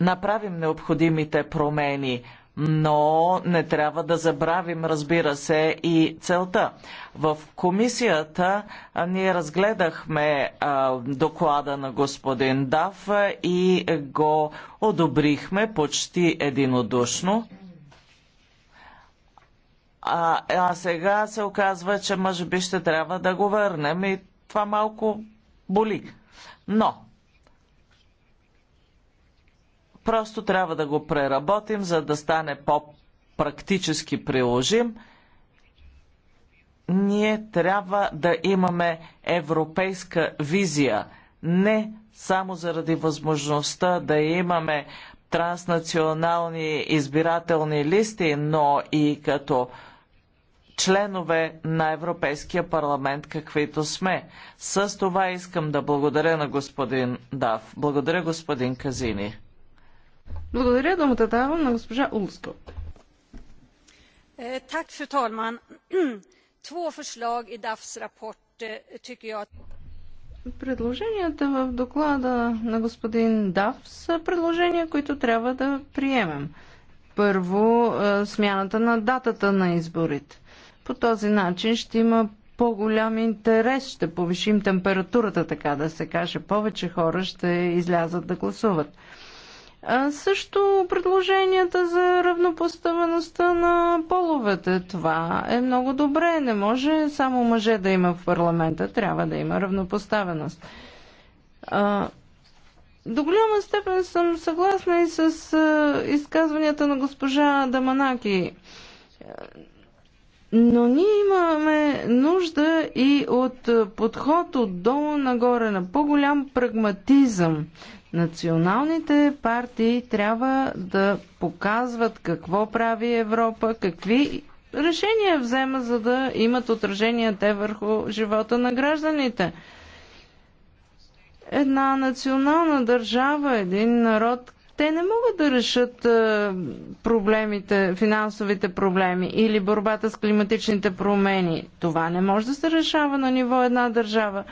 направим необходимите промени, но не трябва да забравим, разбира се, и целта. В комисията ние разгледахме а, доклада на господин Дав и го одобрихме почти единодушно. А, а сега се оказва, че може би ще трябва да го върнем и това малко боли. Но, просто трябва да го преработим, за да стане по-практически приложим. Ние трябва да имаме европейска визия, не само заради възможността да имаме транснационални избирателни листи, но и като членове на Европейския парламент, каквито сме. С това искам да благодаря на господин Дав. Благодаря господин Казини. Благодаря, думата давам на госпожа Улско. Е, так, фю талман. Тво förslag и DAFs рапорт, tycker е, я... Предложенията в доклада на господин Дав са предложения, които трябва да приемем. Първо, е, смяната на датата на изборите. По този начин ще има по-голям интерес, ще повишим температурата, така да се каже. Повече хора ще излязат да гласуват. А също предложенията за равнопоставеността на половете. Това е много добре. Не може само мъже да има в парламента. Трябва да има равнопоставеност. А, до голяма степен съм съгласна и с а, изказванията на госпожа Даманаки. Но ние имаме нужда и от подход отдолу нагоре на по-голям прагматизъм. Националните партии трябва да показват какво прави Европа, какви решения взема, за да имат отражение те върху живота на гражданите. Една национална държава, един народ те не могат да решат е, проблемите, финансовите проблеми или борбата с климатичните промени. Това не може да се решава на ниво една държава.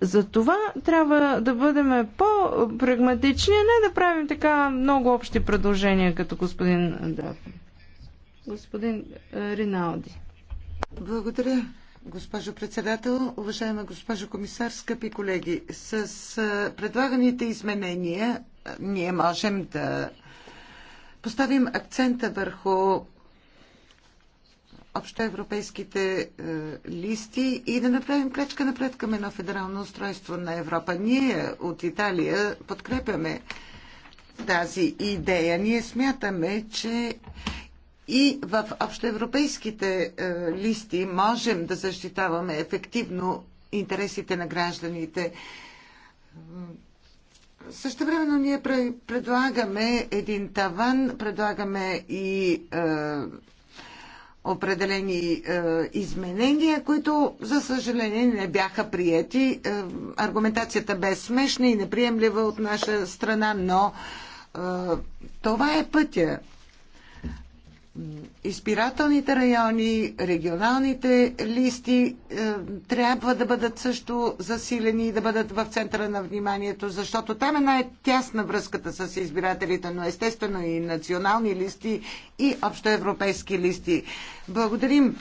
За това трябва да бъдем по-прагматични, а не да правим така много общи предложения, като господин Дафин. Господин е, Риналди. Благодаря, госпожо председател, уважаема госпожо комисар, скъпи колеги. С е, предлаганите изменения ние можем да поставим акцента върху общоевропейските е, листи и да направим крачка напред към едно федерално устройство на Европа. Ние от Италия подкрепяме тази идея. Ние смятаме, че и в общоевропейските е, листи можем да защитаваме ефективно интересите на гражданите също времено ние предлагаме един таван, предлагаме и е, определени е, изменения, които за съжаление не бяха приети. Е, аргументацията бе смешна и неприемлива от наша страна, но е, това е пътя. Избирателните райони, регионалните листи е, трябва да бъдат също засилени и да бъдат в центъра на вниманието, защото там е най-тясна връзката с избирателите, но естествено и национални листи и общоевропейски листи. Благодарим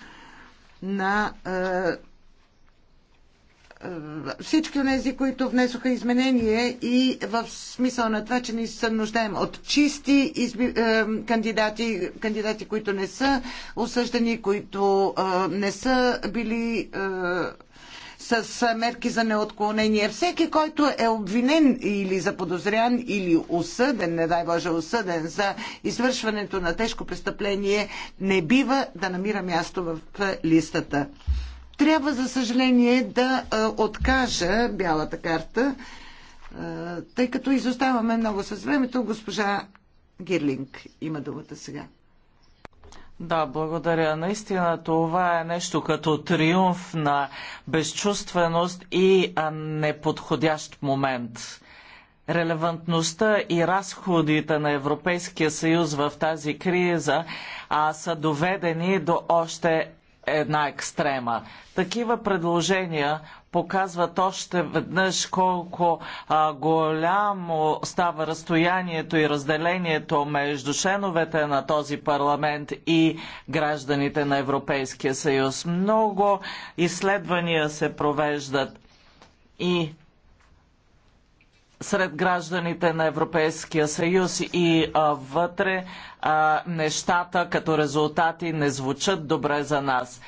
на е, всички от тези, които внесоха изменение и в смисъл на това, че ни се нуждаем от чисти изби... Е, кандидати, кандидати, които не са осъждани, които е, не са били е, с мерки за неотклонение. Всеки, който е обвинен или заподозрян или осъден, не дай Боже, осъден за извършването на тежко престъпление, не бива да намира място в листата трябва, за съжаление, да откажа бялата карта, тъй като изоставаме много с времето. Госпожа Гирлинг има думата сега. Да, благодаря. Наистина това е нещо като триумф на безчувственост и неподходящ момент. Релевантността и разходите на Европейския съюз в тази криза а, са доведени до още една екстрема. Такива предложения показват още веднъж колко а, голямо става разстоянието и разделението между членовете на този парламент и гражданите на Европейския съюз. Много изследвания се провеждат и сред гражданите на Европейския съюз и а, вътре а, нещата като резултати не звучат добре за нас.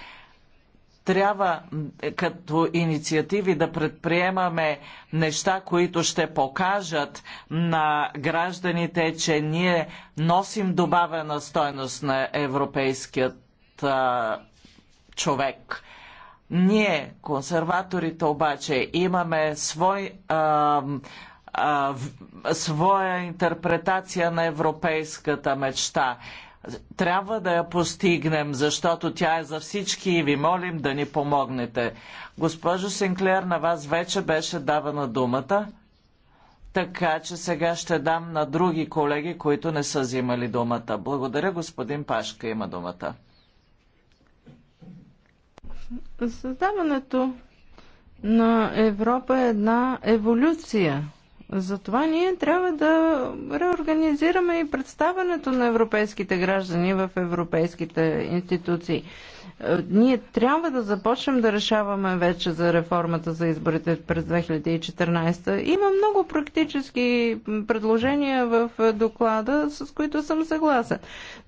Трябва е, като инициативи да предприемаме неща, които ще покажат на гражданите, че ние носим добавена стойност на европейският а, човек. Ние, консерваторите, обаче имаме свой. А, а, в, своя интерпретация на европейската мечта. Трябва да я постигнем, защото тя е за всички и ви молим да ни помогнете. Госпожо Синклер, на вас вече беше давана думата, така че сега ще дам на други колеги, които не са взимали думата. Благодаря, господин Пашка има думата. Създаването на Европа е една еволюция. Затова ние трябва да реорганизираме и представането на европейските граждани в европейските институции. Е, ние трябва да започнем да решаваме вече за реформата за изборите през 2014. Има много практически предложения в е, доклада, с които съм съгласен.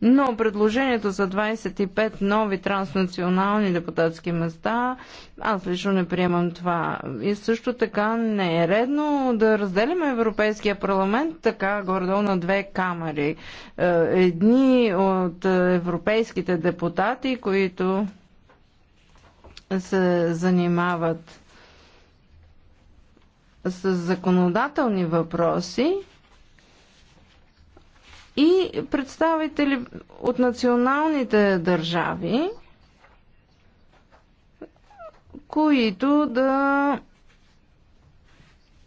Но предложението за 25 нови транснационални депутатски места, аз лично не приемам това. И също така не е редно да разделяме Европейския парламент така гордо на две камери. Е, едни от европейските депутати, които които се занимават с законодателни въпроси и представители от националните държави, които да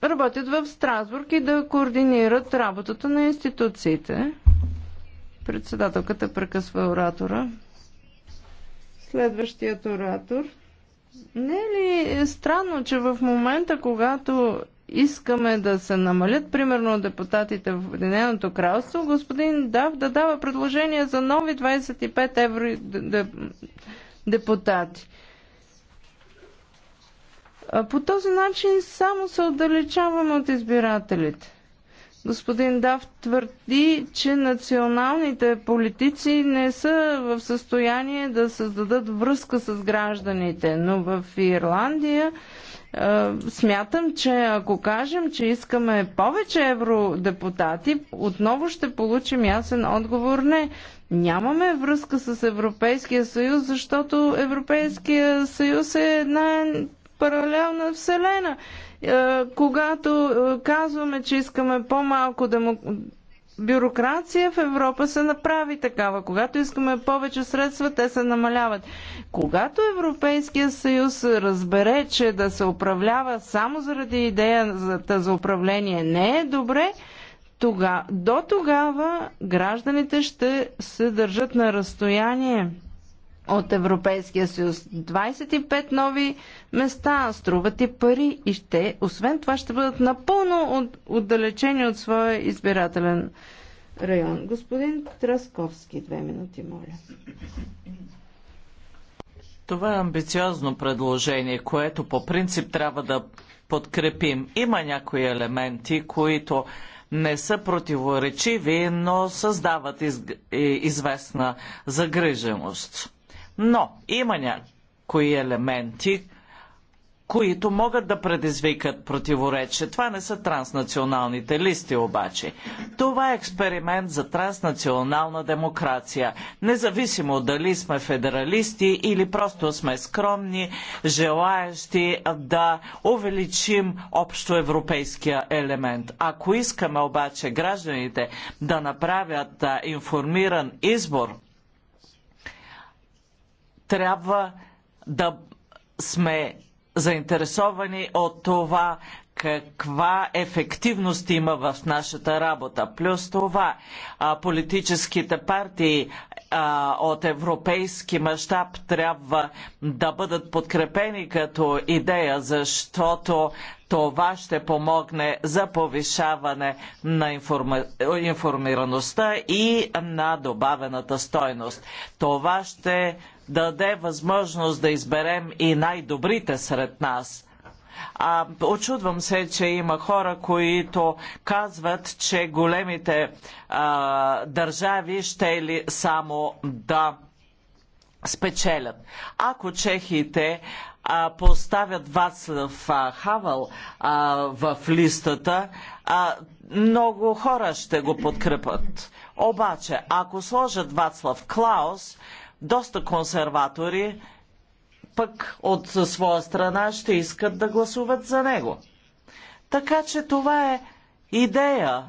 работят в Страсбург и да координират работата на институциите. Председателката прекъсва оратора. Следващият оратор. Не е ли е странно, че в момента, когато искаме да се намалят, примерно, депутатите в Обединеното кралство, господин Дав да дава предложение за нови 25 евро депутати. По този начин само се отдалечаваме от избирателите. Господин Дав твърди, че националните политици не са в състояние да създадат връзка с гражданите, но в Ирландия е, смятам, че ако кажем, че искаме повече евродепутати, отново ще получим ясен отговор не. Нямаме връзка с Европейския съюз, защото Европейския съюз е една паралелна вселена. Е, когато е, казваме, че искаме по-малко демо... бюрокрация, в Европа се направи такава. Когато искаме повече средства, те се намаляват. Когато Европейския съюз разбере, че да се управлява само заради идеята за управление не е добре, тога, до тогава гражданите ще се държат на разстояние от Европейския съюз. 25 нови места струват и пари и ще, освен това, ще бъдат напълно от, отдалечени от своя избирателен район. Господин Трасковски, две минути, моля. Това е амбициозно предложение, което по принцип трябва да подкрепим. Има някои елементи, които не са противоречиви, но създават из... Е, известна загриженост. Но има някои елементи, които могат да предизвикат противоречие. Това не са транснационалните листи обаче. Това е експеримент за транснационална демокрация. Независимо дали сме федералисти или просто сме скромни, желаящи да увеличим общо европейския елемент. Ако искаме обаче гражданите да направят информиран избор, трябва да сме заинтересовани от това каква ефективност има в нашата работа. Плюс това, политическите партии от европейски мащаб трябва да бъдат подкрепени като идея, защото това ще помогне за повишаване на информи... информираността и на добавената стойност. Това ще даде възможност да изберем и най-добрите сред нас. А, очудвам се, че има хора, които казват, че големите а, държави ще ли само да спечелят. Ако чехите а, поставят Вацлав а, Хавал а, в листата, а, много хора ще го подкрепят. Обаче, ако сложат Вацлав Клаус, доста консерватори пък от своя страна ще искат да гласуват за него. Така че това е идея.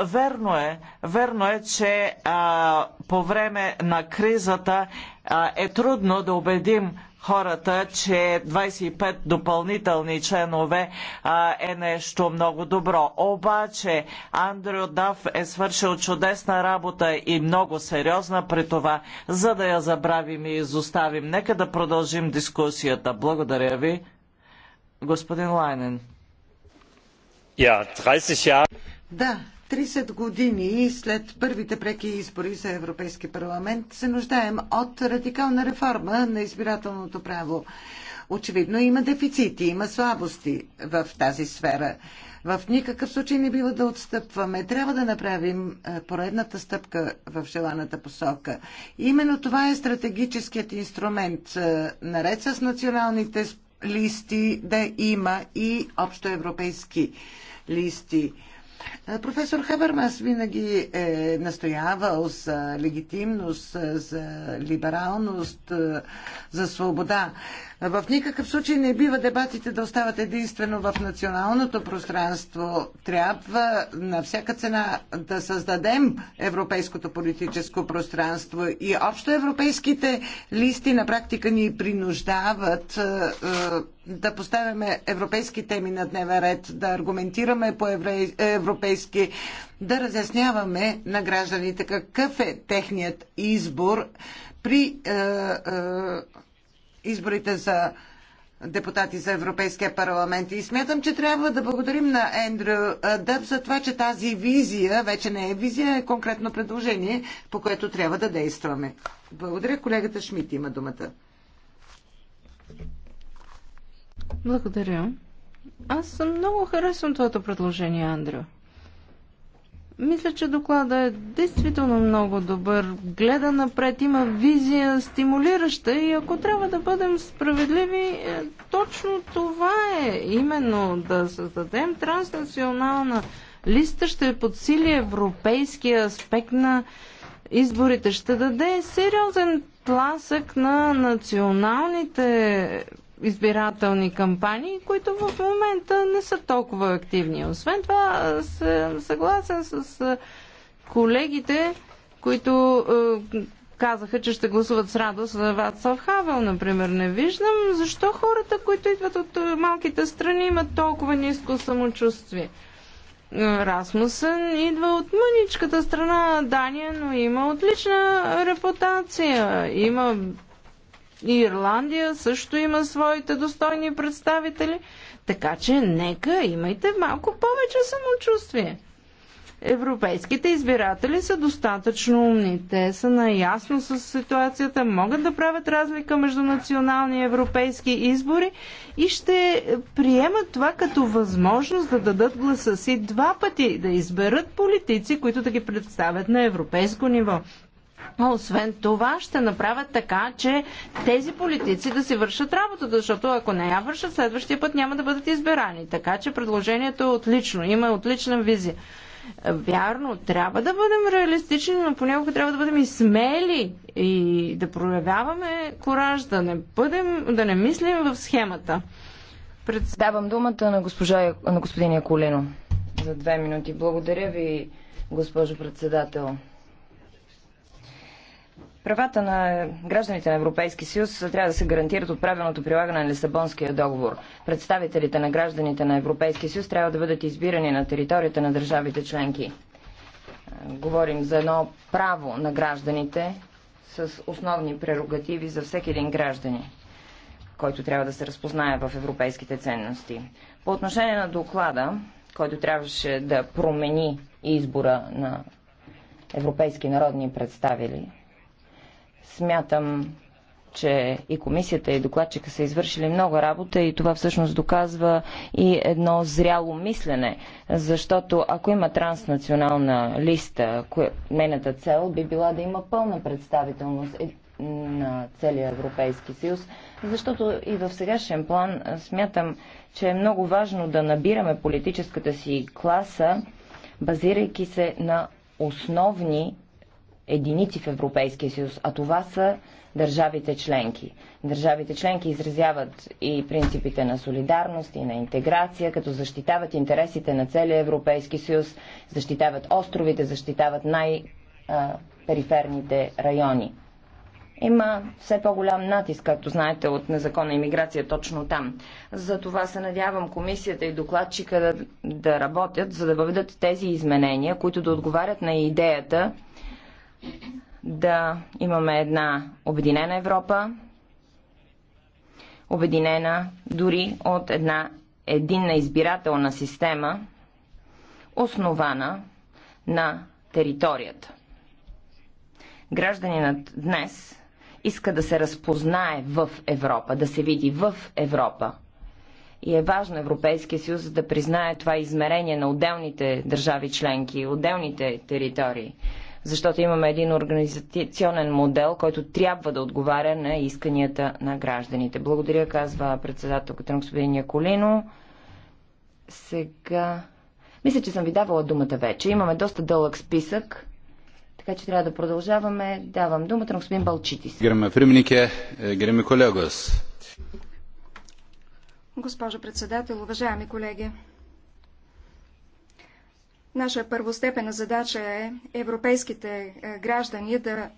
Верно е, верно е, че а, по време на кризата а, е трудно да убедим хората, че 25 допълнителни членове а, е нещо много добро. Обаче Андрю Дав е свършил чудесна работа и много сериозна при това, за да я забравим и изоставим. Нека да продължим дискусията. Благодаря ви. Господин Лайнен. Да, 30 години. Да, 30 години след първите преки избори за Европейски парламент се нуждаем от радикална реформа на избирателното право. Очевидно има дефицити, има слабости в тази сфера. В никакъв случай не бива да отстъпваме. Трябва да направим е, поредната стъпка в желаната посока. Именно това е стратегическият инструмент. Е, наред с националните листи да има и общоевропейски листи. Професор Хабермас винаги е настоявал за легитимност, за либералност, за свобода. В никакъв случай не бива дебатите да остават единствено в националното пространство. Трябва на всяка цена да създадем европейското политическо пространство и общо европейските листи на практика ни принуждават е, е, да поставяме европейски теми на дневен ред, да аргументираме по европейски, да разясняваме на гражданите какъв е техният избор при е, е изборите за депутати за Европейския парламент. И смятам, че трябва да благодарим на Ендрю Дъб за това, че тази визия вече не е визия, е конкретно предложение, по което трябва да действаме. Благодаря. Колегата Шмидт има думата. Благодаря. Аз съм много харесвам твоето предложение, Андрю. Мисля, че доклада е действително много добър. Гледа напред, има визия стимулираща и ако трябва да бъдем справедливи, е, точно това е именно да създадем транснационална листа, ще подсили европейския аспект на изборите, ще даде сериозен тласък на националните избирателни кампании, които в момента не са толкова активни. Освен това, съм съгласен с колегите, които казаха, че ще гласуват с радост за Вацлав Хавел, например. Не виждам защо хората, които идват от малките страни, имат толкова ниско самочувствие. Расмусън идва от мъничката страна Дания, но има отлична репутация. Има Ирландия също има своите достойни представители. Така че нека имайте малко повече самочувствие. Европейските избиратели са достатъчно умни. Те са наясно с ситуацията, могат да правят разлика между национални и европейски избори и ще приемат това като възможност да дадат гласа си два пъти, да изберат политици, които да ги представят на европейско ниво. Освен това, ще направят така, че тези политици да си вършат работата, защото ако не я вършат, следващия път няма да бъдат избирани. Така че предложението е отлично, има отлична визия. Вярно, трябва да бъдем реалистични, но понякога трябва да бъдем и смели и да проявяваме кораж, да не, бъдем, да не мислим в схемата. Пред... Давам думата на, госпожа, на господин Яколино за две минути. Благодаря ви, госпожо председател. Правата на гражданите на Европейски съюз трябва да се гарантират от правилното прилагане на Лисабонския договор. Представителите на гражданите на Европейския съюз трябва да бъдат избирани на територията на държавите членки. Е, говорим за едно право на гражданите с основни прерогативи за всеки един граждани, който трябва да се разпознае в европейските ценности. По отношение на доклада, който трябваше да промени избора на европейски народни представители, Смятам, че и комисията и докладчика са извършили много работа и това всъщност доказва и едно зряло мислене, защото ако има транснационална листа, коя, нейната цел би била да има пълна представителност на целия Европейски съюз, защото и в сегашен план смятам, че е много важно да набираме политическата си класа, базирайки се на основни единици в Европейския съюз, а това са държавите членки. Държавите членки изразяват и принципите на солидарност и на интеграция, като защитават интересите на целия Европейски съюз, защитават островите, защитават най-периферните райони. Има все по-голям натиск, както знаете, от незаконна иммиграция точно там. За това се надявам комисията и докладчика да, да работят, за да въведат тези изменения, които да отговарят на идеята да имаме една обединена Европа, обединена дори от една единна избирателна система, основана на територията. Гражданинът днес иска да се разпознае в Европа, да се види в Европа. И е важно Европейския съюз да признае това измерение на отделните държави членки, отделните територии защото имаме един организационен модел, който трябва да отговаря на исканията на гражданите. Благодаря, казва председателката на господин Яколино. Сега... Мисля, че съм ви давала думата вече. Имаме доста дълъг списък, така че трябва да продължаваме. Давам думата на господин Балчитис. Греме Фримнике. греме колегос. Госпожо председател, уважаеми колеги, Наша първостепена задача е европейските е, граждани да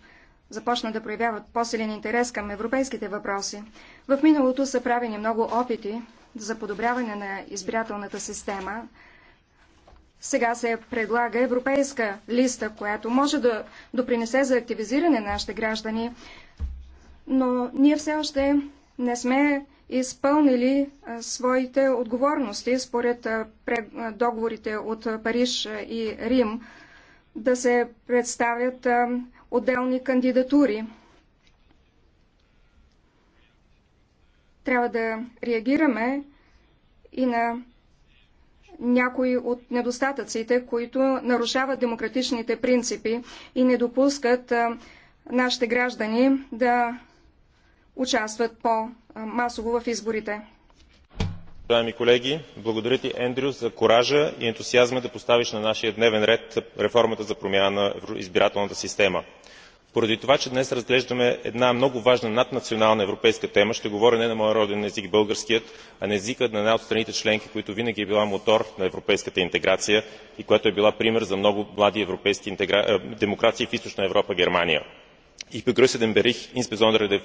започнат да проявяват по-силен интерес към европейските въпроси. В миналото са правени много опити за подобряване на избирателната система. Сега се предлага европейска листа, която може да допринесе за активизиране на нашите граждани, но ние все още не сме изпълнили своите отговорности според договорите от Париж и Рим да се представят отделни кандидатури. Трябва да реагираме и на някои от недостатъците, които нарушават демократичните принципи и не допускат нашите граждани да участват по-масово в изборите. Уважаеми колеги, благодаря ти, Ендрю, за коража и ентусиазма да поставиш на нашия дневен ред реформата за промяна на избирателната система. Поради това, че днес разглеждаме една много важна наднационална европейска тема, ще говоря не на моя роден език българският, а на езика на една от страните членки, които винаги е била мотор на европейската интеграция и която е била пример за много млади европейски интегра... Е, демокрации в източна Европа, Германия. Ich begrüße den Bericht е der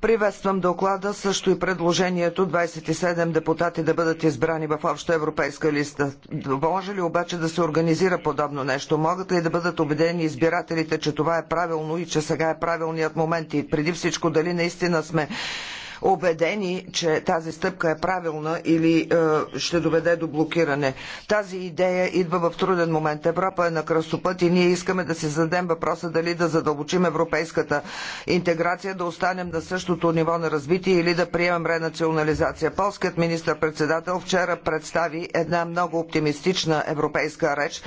Приветствам доклада, също и предложението 27 депутати да бъдат избрани в обща европейска листа. Може ли обаче да се организира подобно нещо? Могат ли да бъдат убедени избирателите, че това е правилно и че сега е правилният момент и преди всичко дали наистина сме убедени, че тази стъпка е правилна или е, ще доведе до блокиране. Тази идея идва в труден момент. Европа е на кръстопът и ние искаме да си зададем въпроса дали да задълбочим европейската интеграция, да останем на същото ниво на развитие или да приемем ренационализация. Полският министр-председател вчера представи една много оптимистична европейска реч,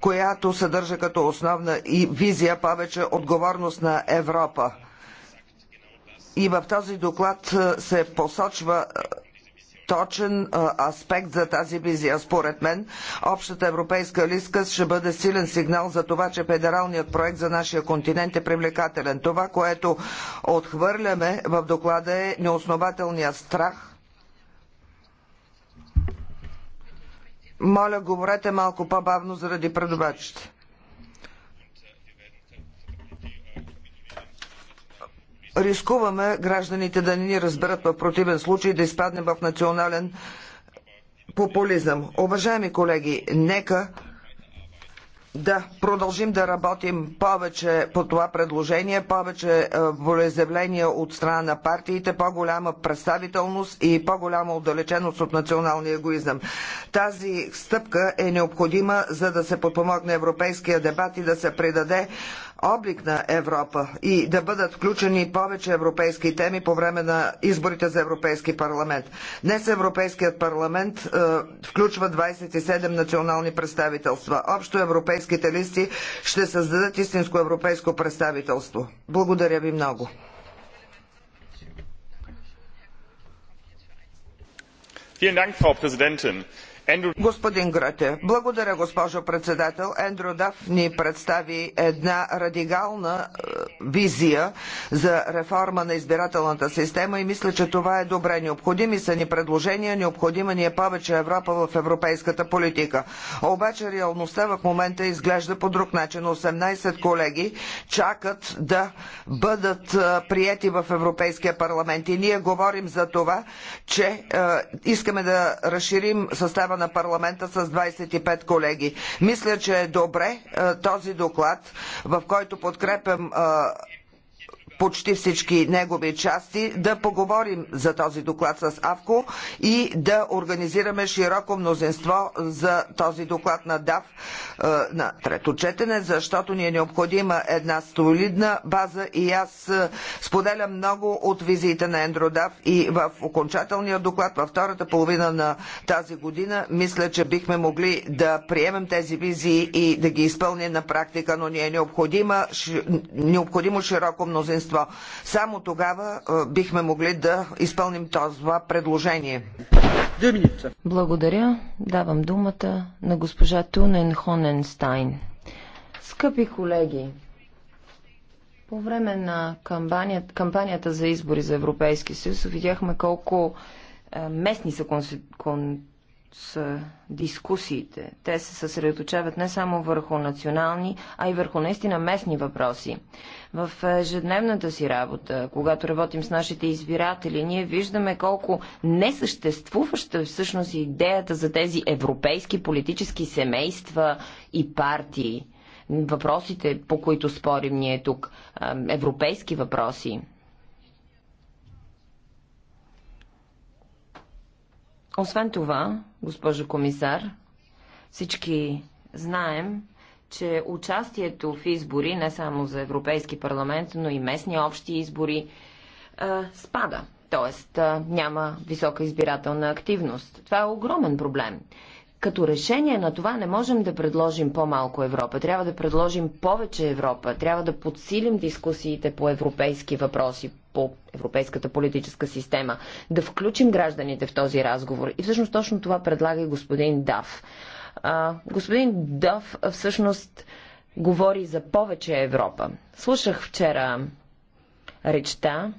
която съдържа като основна и визия повече отговорност на Европа. И в този доклад е, се посочва е, точен е, аспект за тази визия. Според мен, общата европейска лиска ще бъде силен сигнал за това, че федералният проект за нашия континент е привлекателен. Това, което отхвърляме в доклада е неоснователният страх. Моля, говорете малко по-бавно заради предобачите. рискуваме гражданите да не ни разберат в противен случай да изпаднем в национален популизъм. Уважаеми колеги, нека да продължим да работим повече по това предложение, повече е, волеизявления от страна на партиите, по-голяма представителност и по-голяма отдалеченост от националния егоизъм. Тази стъпка е необходима, за да се подпомогне европейския дебат и да се придаде облик на Европа и да бъдат включени повече европейски теми по време на изборите за Европейски парламент. Днес Европейският парламент е, включва 27 национални представителства. Общо европейските листи ще създадат истинско европейско представителство. Благодаря ви много. Vielen Dank, Frau Präsidentin. Господин Грете, благодаря госпожо председател. Ендро Дав ни представи една радикална е, визия за реформа на избирателната система и мисля, че това е добре. Необходими са ни предложения, необходима ни е повече Европа в европейската политика. Обаче реалността в момента изглежда по друг начин. 18 колеги чакат да бъдат е, приети в Европейския парламент и ние говорим за това, че е, искаме да разширим състава на парламента с 25 колеги. Мисля, че е добре е, този доклад, в който подкрепям е, почти всички негови части, да поговорим за този доклад с АВКО и да организираме широко мнозинство за този доклад на ДАВ е, на трето четене, защото ни е необходима една столидна база и аз е, споделям много от визиите на Ендродав и в окончателния доклад във втората половина на тази година мисля, че бихме могли да приемем тези визии и да ги изпълним на практика, но ни е необходимо широко мнозинство мнозинство. Само тогава е, бихме могли да изпълним това предложение. Благодаря. Давам думата на госпожа Тунен Хоненстайн. Скъпи колеги, по време на кампанията, кампанията за избори за Европейски съюз видяхме колко е, местни са конституционните са дискусиите. Те се съсредоточават не само върху национални, а и върху наистина местни въпроси. В е, ежедневната си работа, когато работим с нашите избиратели, ние виждаме колко несъществуваща всъщност е идеята за тези европейски политически семейства и партии. Въпросите, по които спорим ние тук, е, европейски въпроси, Освен това, госпожо комисар, всички знаем, че участието в избори, не само за Европейски парламент, но и местни общи избори, спада. Тоест няма висока избирателна активност. Това е огромен проблем. Като решение на това не можем да предложим по-малко Европа. Трябва да предложим повече Европа. Трябва да подсилим дискусиите по европейски въпроси, по европейската политическа система. Да включим гражданите в този разговор. И всъщност точно това предлага и господин Дав. А, господин Дав всъщност говори за повече Европа. Слушах вчера речта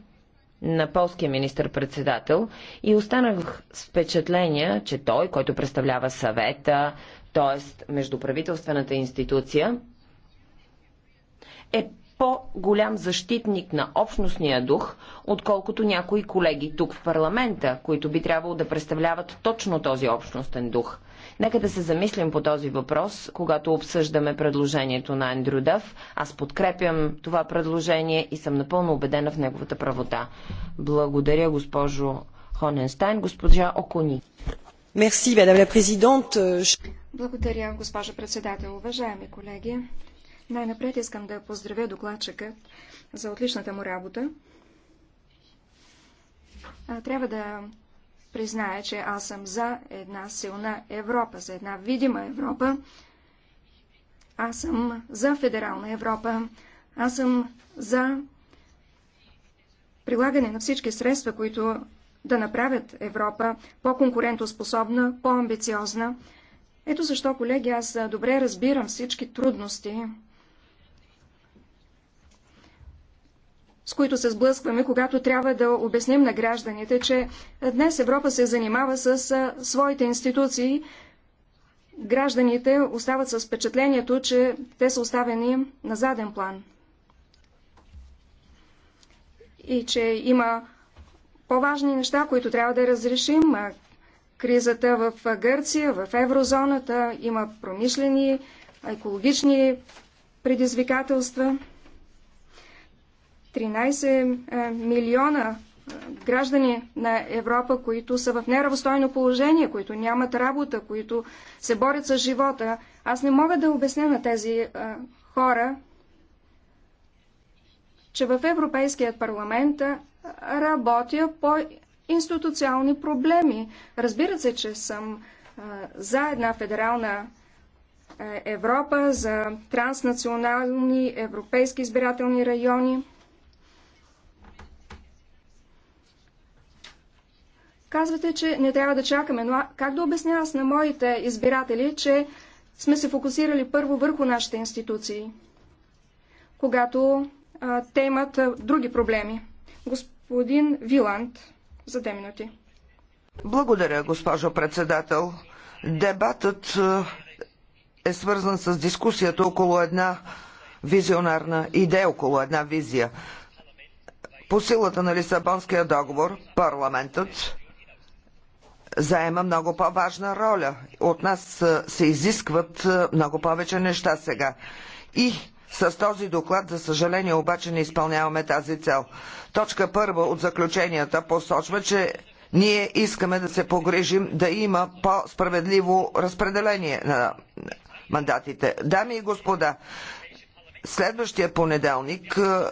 на полския министр-председател и останах с впечатление, че той, който представлява съвета, т.е. междуправителствената институция, е по-голям защитник на общностния дух, отколкото някои колеги тук в парламента, които би трябвало да представляват точно този общностен дух. Нека да се замислим по този въпрос, когато обсъждаме предложението на Андрю Дъв. Аз подкрепям това предложение и съм напълно убедена в неговата правота. Благодаря, госпожо Хоненстайн. Госпожа Окони. Мерси, мадам президент. Благодаря, госпожа председател. Уважаеми колеги, най-напред искам да поздравя докладчика за отличната му работа. Трябва да призная, че аз съм за една силна Европа, за една видима Европа. Аз съм за федерална Европа. Аз съм за прилагане на всички средства, които да направят Европа по-конкурентоспособна, по-амбициозна. Ето защо, колеги, аз добре разбирам всички трудности, с които се сблъскваме, когато трябва да обясним на гражданите, че днес Европа се занимава с своите институции. Гражданите остават с впечатлението, че те са оставени на заден план и че има по-важни неща, които трябва да разрешим. Кризата в Гърция, в еврозоната има промишлени, екологични предизвикателства. 13 е, милиона е, граждани на Европа, които са в неравостойно положение, които нямат работа, които се борят с живота. Аз не мога да обясня на тези е, хора, че в Европейският парламент работя по институциални проблеми. Разбира се, че съм за една федерална Европа, за транснационални европейски избирателни райони – Казвате, че не трябва да чакаме, но как да обясня аз на моите избиратели, че сме се фокусирали първо върху нашите институции, когато а, те имат а, други проблеми? Господин Виланд, за 2 минути. Благодаря, госпожо председател. Дебатът е свързан с дискусията около една визионарна идея, около една визия. По силата на Лисабонския договор, парламентът заема много по-важна роля. От нас е, се изискват е, много повече неща сега. И с този доклад, за съжаление, обаче не изпълняваме тази цел. Точка първа от заключенията посочва, че ние искаме да се погрижим да има по-справедливо разпределение на мандатите. Дами и господа, следващия понеделник е,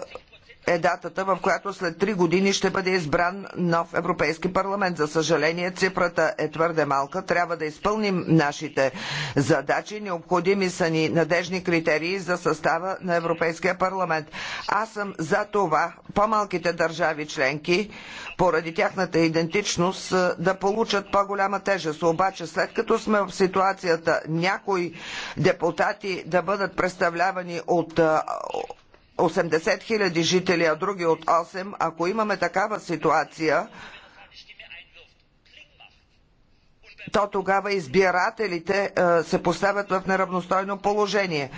е датата, в която след три години ще бъде избран нов Европейски парламент. За съжаление, цифрата е твърде малка. Трябва да изпълним нашите задачи. Необходими са ни надежни критерии за състава на Европейския парламент. Аз съм за това по-малките държави членки, поради тяхната идентичност, да получат по-голяма тежест. Обаче, след като сме в ситуацията някои депутати да бъдат представлявани от 80 хиляди жители, а други от 8, ако имаме такава ситуация, то тогава избирателите е, се поставят в неравностойно положение.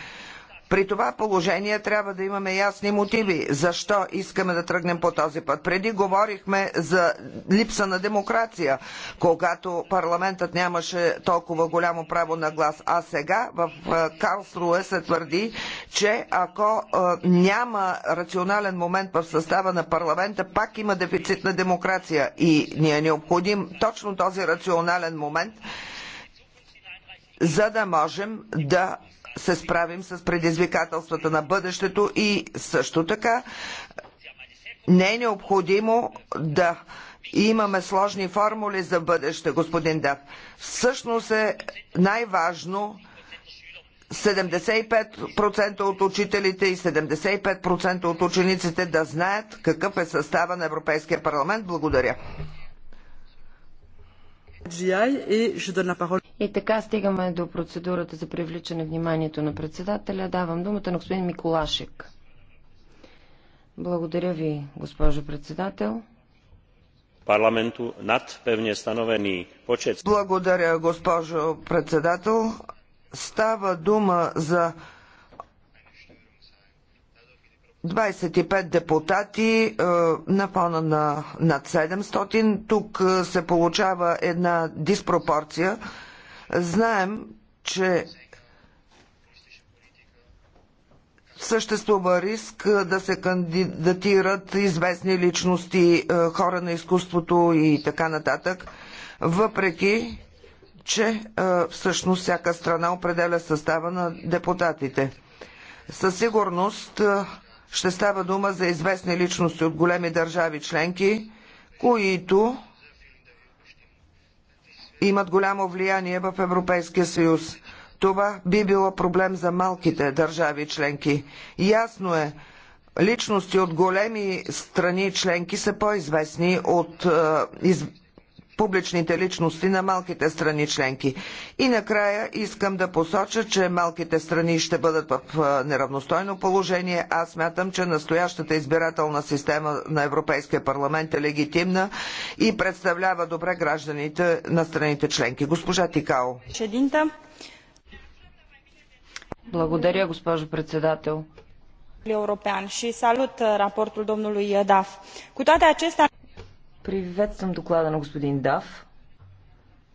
При това положение трябва да имаме ясни мотиви. Защо искаме да тръгнем по този път? Преди говорихме за липса на демокрация, когато парламентът нямаше толкова голямо право на глас. А сега в е, Карлсруе се твърди, че ако е, няма рационален момент в състава на парламента, пак има дефицит на демокрация и ни е необходим точно този рационален момент, за да можем да се справим с предизвикателствата на бъдещето и също така не е необходимо да имаме сложни формули за бъдеще, господин Дав. Всъщност е най-важно 75% от учителите и 75% от учениците да знаят какъв е състава на Европейския парламент. Благодаря. И така стигаме до процедурата за привличане вниманието на председателя. Давам думата на господин Миколашек. Благодаря ви, госпожо председател Парламенту над pevne становени почет. Благодаря, госпожо председател. Става дума за 25 депутати е, на фона на над 700. Тук е, се получава една диспропорция. Знаем, че съществува риск е, да се кандидатират известни личности, хора на изкуството и така нататък, въпреки че всъщност всяка страна определя състава на депутатите. Със сигурност ще става дума за известни личности от големи държави членки, които имат голямо влияние в Европейския съюз. Това би било проблем за малките държави членки. Ясно е, личности от големи страни членки са по-известни от е, публичните личности на малките страни членки. И накрая искам да посоча, че малките страни ще бъдат в неравностойно положение. Аз смятам, че настоящата избирателна система на Европейския парламент е легитимна и представлява добре гражданите на страните членки. Госпожа Тикао. Благодаря, госпожо председател. European și salut raportul domnului Daf. Cu toate acestea, Приветствам доклада на господин Дав.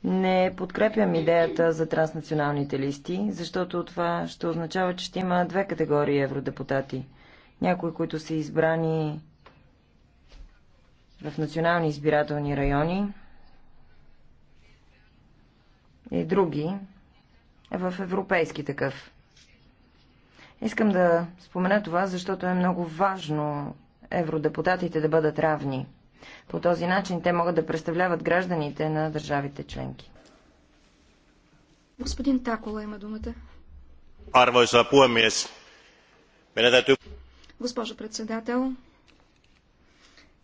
Не подкрепям идеята за транснационалните листи, защото това ще означава, че ще има две категории евродепутати. Някои, които са избрани в национални избирателни райони и други в европейски такъв. Искам да спомена това, защото е много важно евродепутатите да бъдат равни – по този начин те могат да представляват гражданите на държавите членки. Господин Такола има думата. Arvoisa puhemies, Госпожо председател,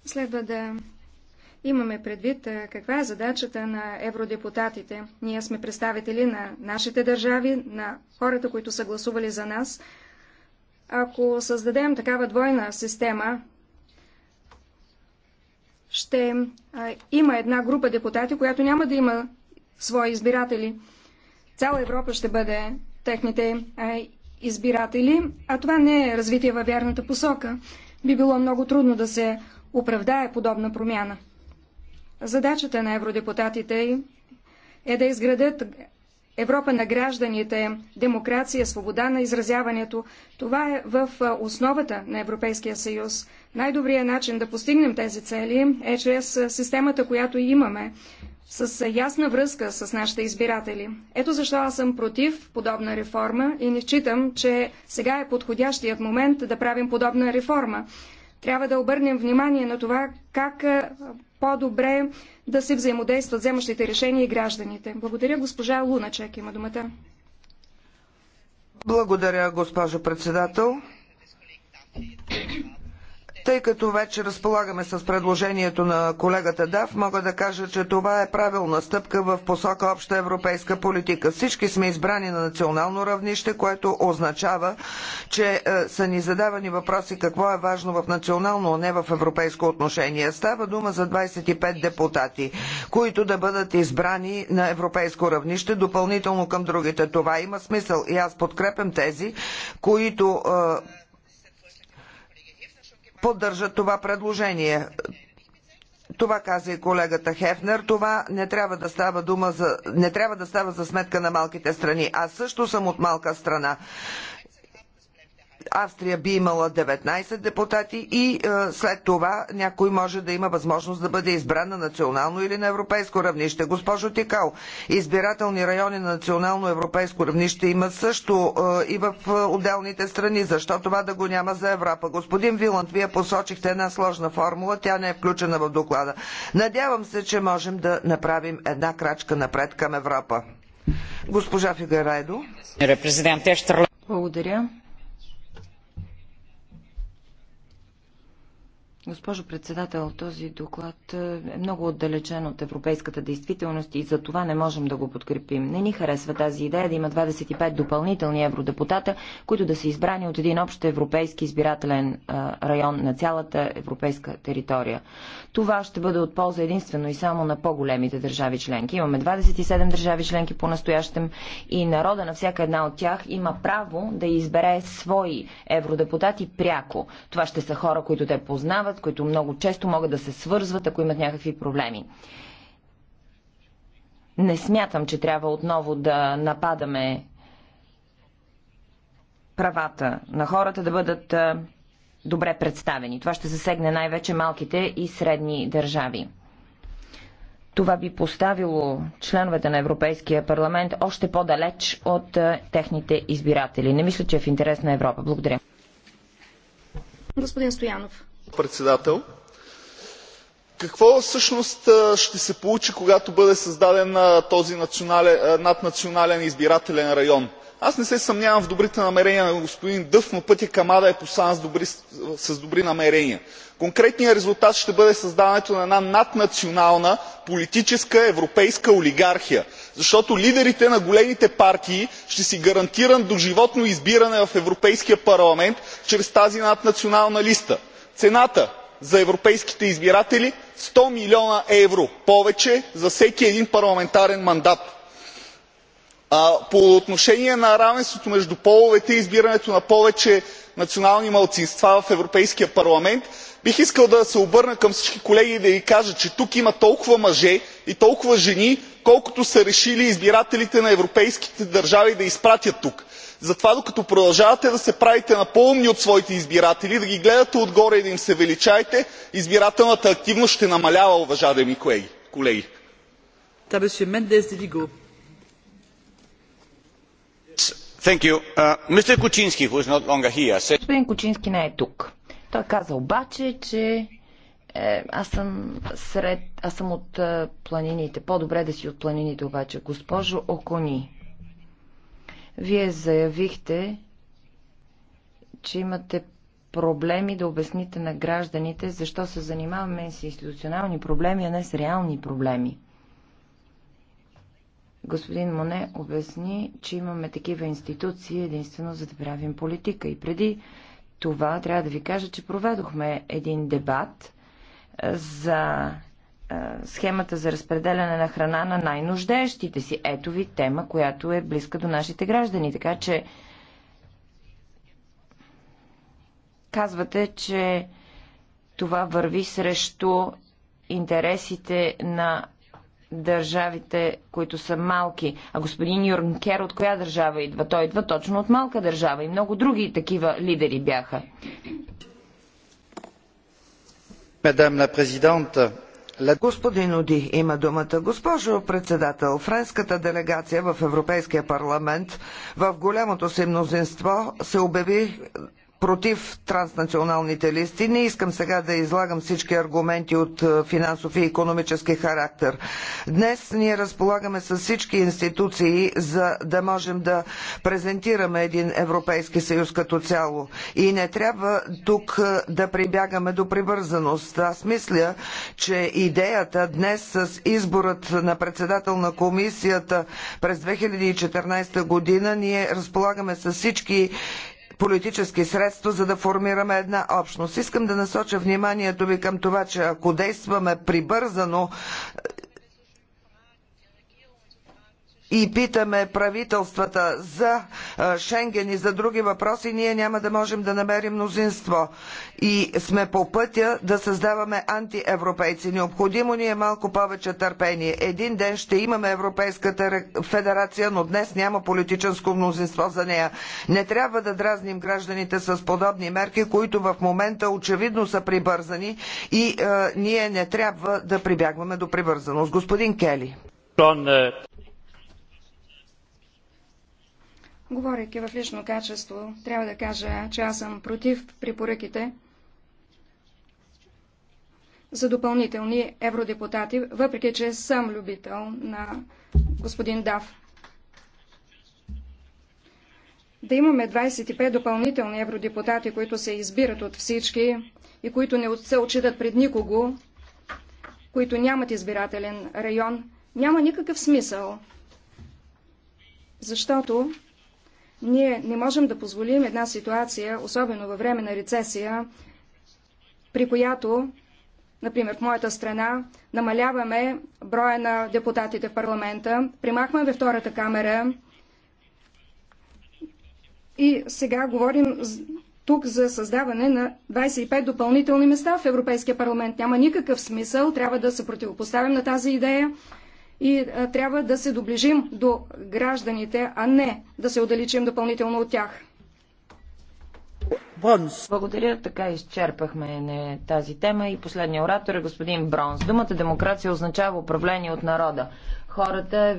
следва да имаме предвид каква е задачата на евродепутатите. Ние сме представители на нашите държави, на хората, които са гласували за нас. Ако създадем такава двойна система, ще а, има една група депутати, която няма да има свои избиратели. Цяла Европа ще бъде техните а, избиратели, а това не е развитие във вярната посока. Би било много трудно да се оправдае подобна промяна. Задачата на евродепутатите е да изградят Европа на гражданите, демокрация, свобода на изразяването. Това е в основата на Европейския съюз. Най-добрият начин да постигнем тези цели е чрез системата, която имаме, с ясна връзка с нашите избиратели. Ето защо аз съм против подобна реформа и не считам, че сега е подходящият момент да правим подобна реформа. Трябва да обърнем внимание на това как по-добре да се взаимодействат вземащите решения и гражданите. Благодаря госпожа Луначек. Има думата. Благодаря, госпожо председател. Тъй като вече разполагаме с предложението на колегата Дав, мога да кажа, че това е правилна стъпка в посока обща европейска политика. Всички сме избрани на национално равнище, което означава, че е, са ни задавани въпроси какво е важно в национално, а не в европейско отношение. Става дума за 25 депутати, които да бъдат избрани на европейско равнище, допълнително към другите. Това има смисъл и аз подкрепям тези, които е, поддържат това предложение. Това каза и колегата Хефнер. Това не трябва да става дума за, не трябва да става за сметка на малките страни. Аз също съм от малка страна. Австрия би имала 19 депутати и е, след това някой може да има възможност да бъде избран на национално или на европейско равнище. Госпожо Тикал, избирателни райони на национално европейско равнище има също е, и в е, отделните страни. Защо това да го няма за Европа? Господин Виланд, вие посочихте една сложна формула, тя не е включена в доклада. Надявам се, че можем да направим една крачка напред към Европа. Госпожа Фигарайдо. Благодаря. Госпожо председател, този доклад е, е много отдалечен от европейската действителност и за това не можем да го подкрепим. Не ни харесва тази идея да има 25 допълнителни евродепутата, които да са избрани от един общ европейски избирателен е, район на цялата европейска територия. Това ще бъде от полза единствено и само на по-големите държави членки. Имаме 27 държави членки по-настоящем и народа на всяка една от тях има право да избере свои евродепутати пряко. Това ще са хора, които те познават, които много често могат да се свързват, ако имат някакви проблеми. Не смятам, че трябва отново да нападаме правата на хората да бъдат добре представени. Това ще засегне най-вече малките и средни държави. Това би поставило членовете на Европейския парламент още по-далеч от техните избиратели. Не мисля, че е в интерес на Европа. Благодаря. Господин Стоянов председател. Какво всъщност ще се получи, когато бъде създаден този наднационален избирателен район? Аз не се съмнявам в добрите намерения на господин Дъв, но пътят към ада е постлан с добри намерения. Конкретният резултат ще бъде създаването на една наднационална политическа европейска олигархия, защото лидерите на големите партии ще си гарантират доживотно избиране в европейския парламент чрез тази наднационална листа цената за европейските избиратели сто милиона евро повече за всеки един парламентарен мандат по отношение на равенството между половете и избирането на повече национални малцинства в европейския парламент бих искал да се обърна към всички колеги и да им кажа че тук има толкова мъже и толкова жени колкото са решили избирателите на европейските държави да изпратят тук. затова докато продължавате да се правите на по умни от своите избиратели да ги гледате отгоре и да им се величаете избирателната активност ще намалява уважаеми колеги. Uh, Господин Кучински не е тук. Той каза обаче, че е, аз съм сред... Аз съм от е, планините. По-добре да си от планините обаче. Госпожо Окони, вие заявихте, че имате проблеми да обясните на гражданите, защо се занимаваме с институционални проблеми, а не с реални проблеми. Господин Моне обясни, че имаме такива институции единствено за да правим политика. И преди това трябва да ви кажа, че проведохме един дебат за схемата за разпределяне на храна на най-нуждещите си. Ето ви тема, която е близка до нашите граждани. Така че казвате, че това върви срещу интересите на държавите, които са малки. А господин Юрнкер от коя държава идва? Той идва точно от малка държава и много други такива лидери бяха. Мадам ла президента, Господин Оди има думата. Госпожо председател, френската делегация в Европейския парламент в голямото си мнозинство се обяви против транснационалните листи. Не искам сега да излагам всички аргументи от е, финансов и економически характер. Днес ние разполагаме с всички институции, за да можем да презентираме един Европейски съюз като цяло. И не трябва тук е, да прибягаме до прибързаност. Аз мисля, че идеята днес с изборът на председател на комисията през 2014 година ние разполагаме с всички политически средства, за да формираме една общност. Искам да насоча вниманието ви към това, че ако действаме прибързано, и питаме правителствата за Шенген и за други въпроси, ние няма да можем да намерим мнозинство. И сме по пътя да създаваме антиевропейци. Необходимо ни е малко повече търпение. Един ден ще имаме Европейската федерация, но днес няма политическо мнозинство за нея. Не трябва да дразним гражданите с подобни мерки, които в момента очевидно са прибързани и е, ние не трябва да прибягваме до прибързаност. Господин Кели. Е, Говорейки в лично качество, трябва да кажа, че аз съм против препоръките за допълнителни евродепутати, въпреки че съм любител на господин Дав. Да имаме 25 допълнителни евродепутати, които се избират от всички и които не се очитат пред никого, които нямат избирателен район, няма никакъв смисъл. Защото ние не можем да позволим една ситуация, особено във време на рецесия, при която, например в моята страна, намаляваме броя на депутатите в парламента, примахваме втората камера и сега говорим тук за създаване на 25 допълнителни места в Европейския парламент. Няма никакъв смисъл, трябва да се противопоставим на тази идея и е, трябва да се доближим до гражданите, а не да се отдалечим допълнително от тях. Благодаря, така изчерпахме не, тази тема и последния оратор е господин Бронс. Думата демокрация означава управление от народа. Хората,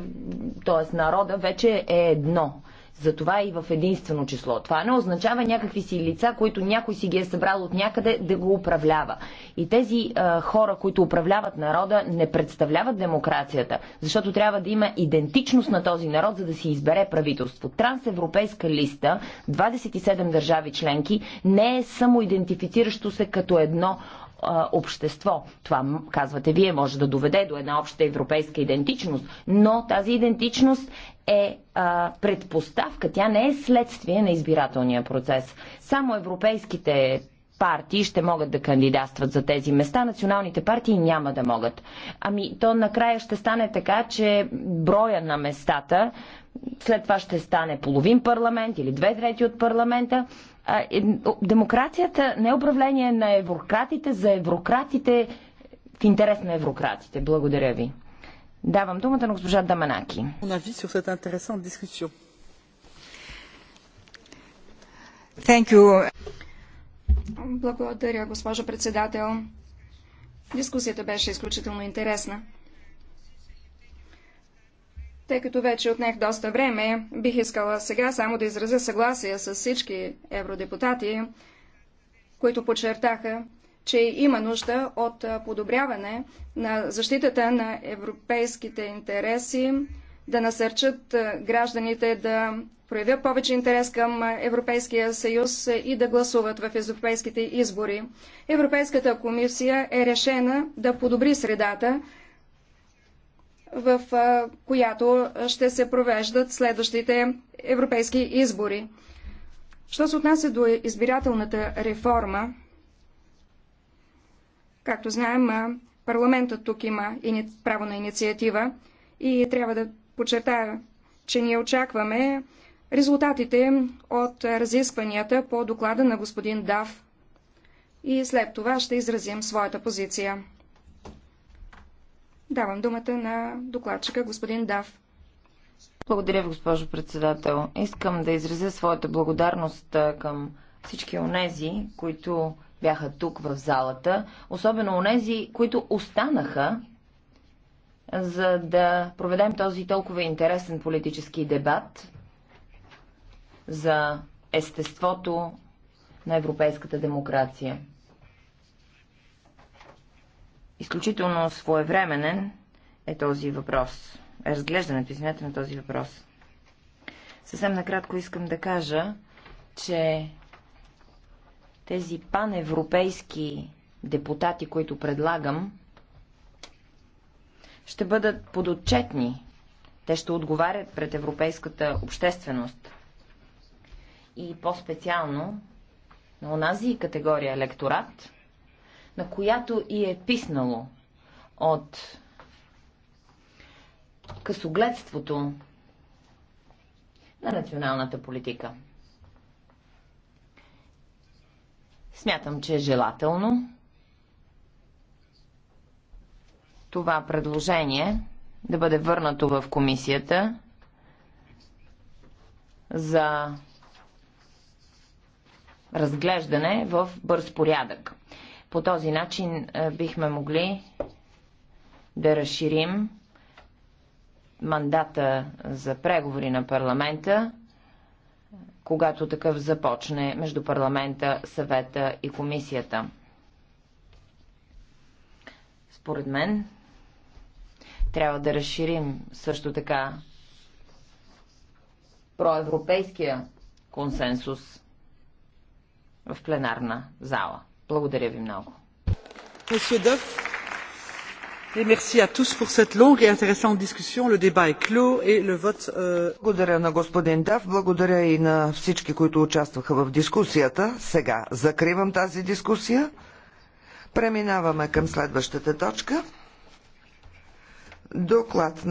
т.е. народа, вече е едно. Затова и в единствено число. Това не означава някакви си лица, които някой си ги е събрал от някъде да го управлява. И тези а, хора, които управляват народа, не представляват демокрацията, защото трябва да има идентичност на този народ, за да си избере правителство. Трансевропейска листа, 27 държави членки, не е само идентифициращо се като едно а, общество. Това, казвате вие, може да доведе до една обща европейска идентичност, но тази идентичност е а, предпоставка, тя не е следствие на избирателния процес. Само европейските партии ще могат да кандидатстват за тези места, националните партии няма да могат. Ами то накрая ще стане така, че броя на местата след това ще стане половин парламент или две трети от парламента е, демокрацията не е управление на еврократите, за еврократите в интерес на еврократите. Благодаря ви. Давам думата на госпожа Даманаки. Благодаря, госпожо председател. Дискусията беше изключително интересна. Тъй като вече отнех доста време, бих искала сега само да изразя съгласие с всички евродепутати, които подчертаха, че има нужда от подобряване на защитата на европейските интереси, да насърчат гражданите да проявят повече интерес към Европейския съюз и да гласуват в европейските избори. Европейската комисия е решена да подобри средата, в която ще се провеждат следващите европейски избори. Що се отнася до избирателната реформа, както знаем, парламентът тук има право на инициатива и трябва да подчертая, че ние очакваме резултатите от разискванията по доклада на господин Дав и след това ще изразим своята позиция. Давам думата на докладчика господин Дав. Благодаря, ви, госпожо председател. Искам да изразя своята благодарност към всички онези, които бяха тук в залата, особено онези, които останаха, за да проведем този толкова интересен политически дебат за естеството на европейската демокрация. Изключително своевременен е този въпрос. Е разглеждането, извинете, на този въпрос. Съвсем накратко искам да кажа, че тези паневропейски депутати, които предлагам, ще бъдат подотчетни. Те ще отговарят пред европейската общественост. И по-специално на онази категория електорат, на която и е писнало от късогледството на националната политика. Смятам, че е желателно това предложение да бъде върнато в комисията за разглеждане в бърз порядък. По този начин е, бихме могли да разширим мандата за преговори на парламента, когато такъв започне между парламента, съвета и комисията. Според мен, трябва да разширим също така проевропейския консенсус в пленарна зала. Благодаря ви много. Благодаря на господин Дав, благодаря и на всички, които участваха в дискусията. Сега закривам тази дискусия. Преминаваме към следващата точка. Доклад на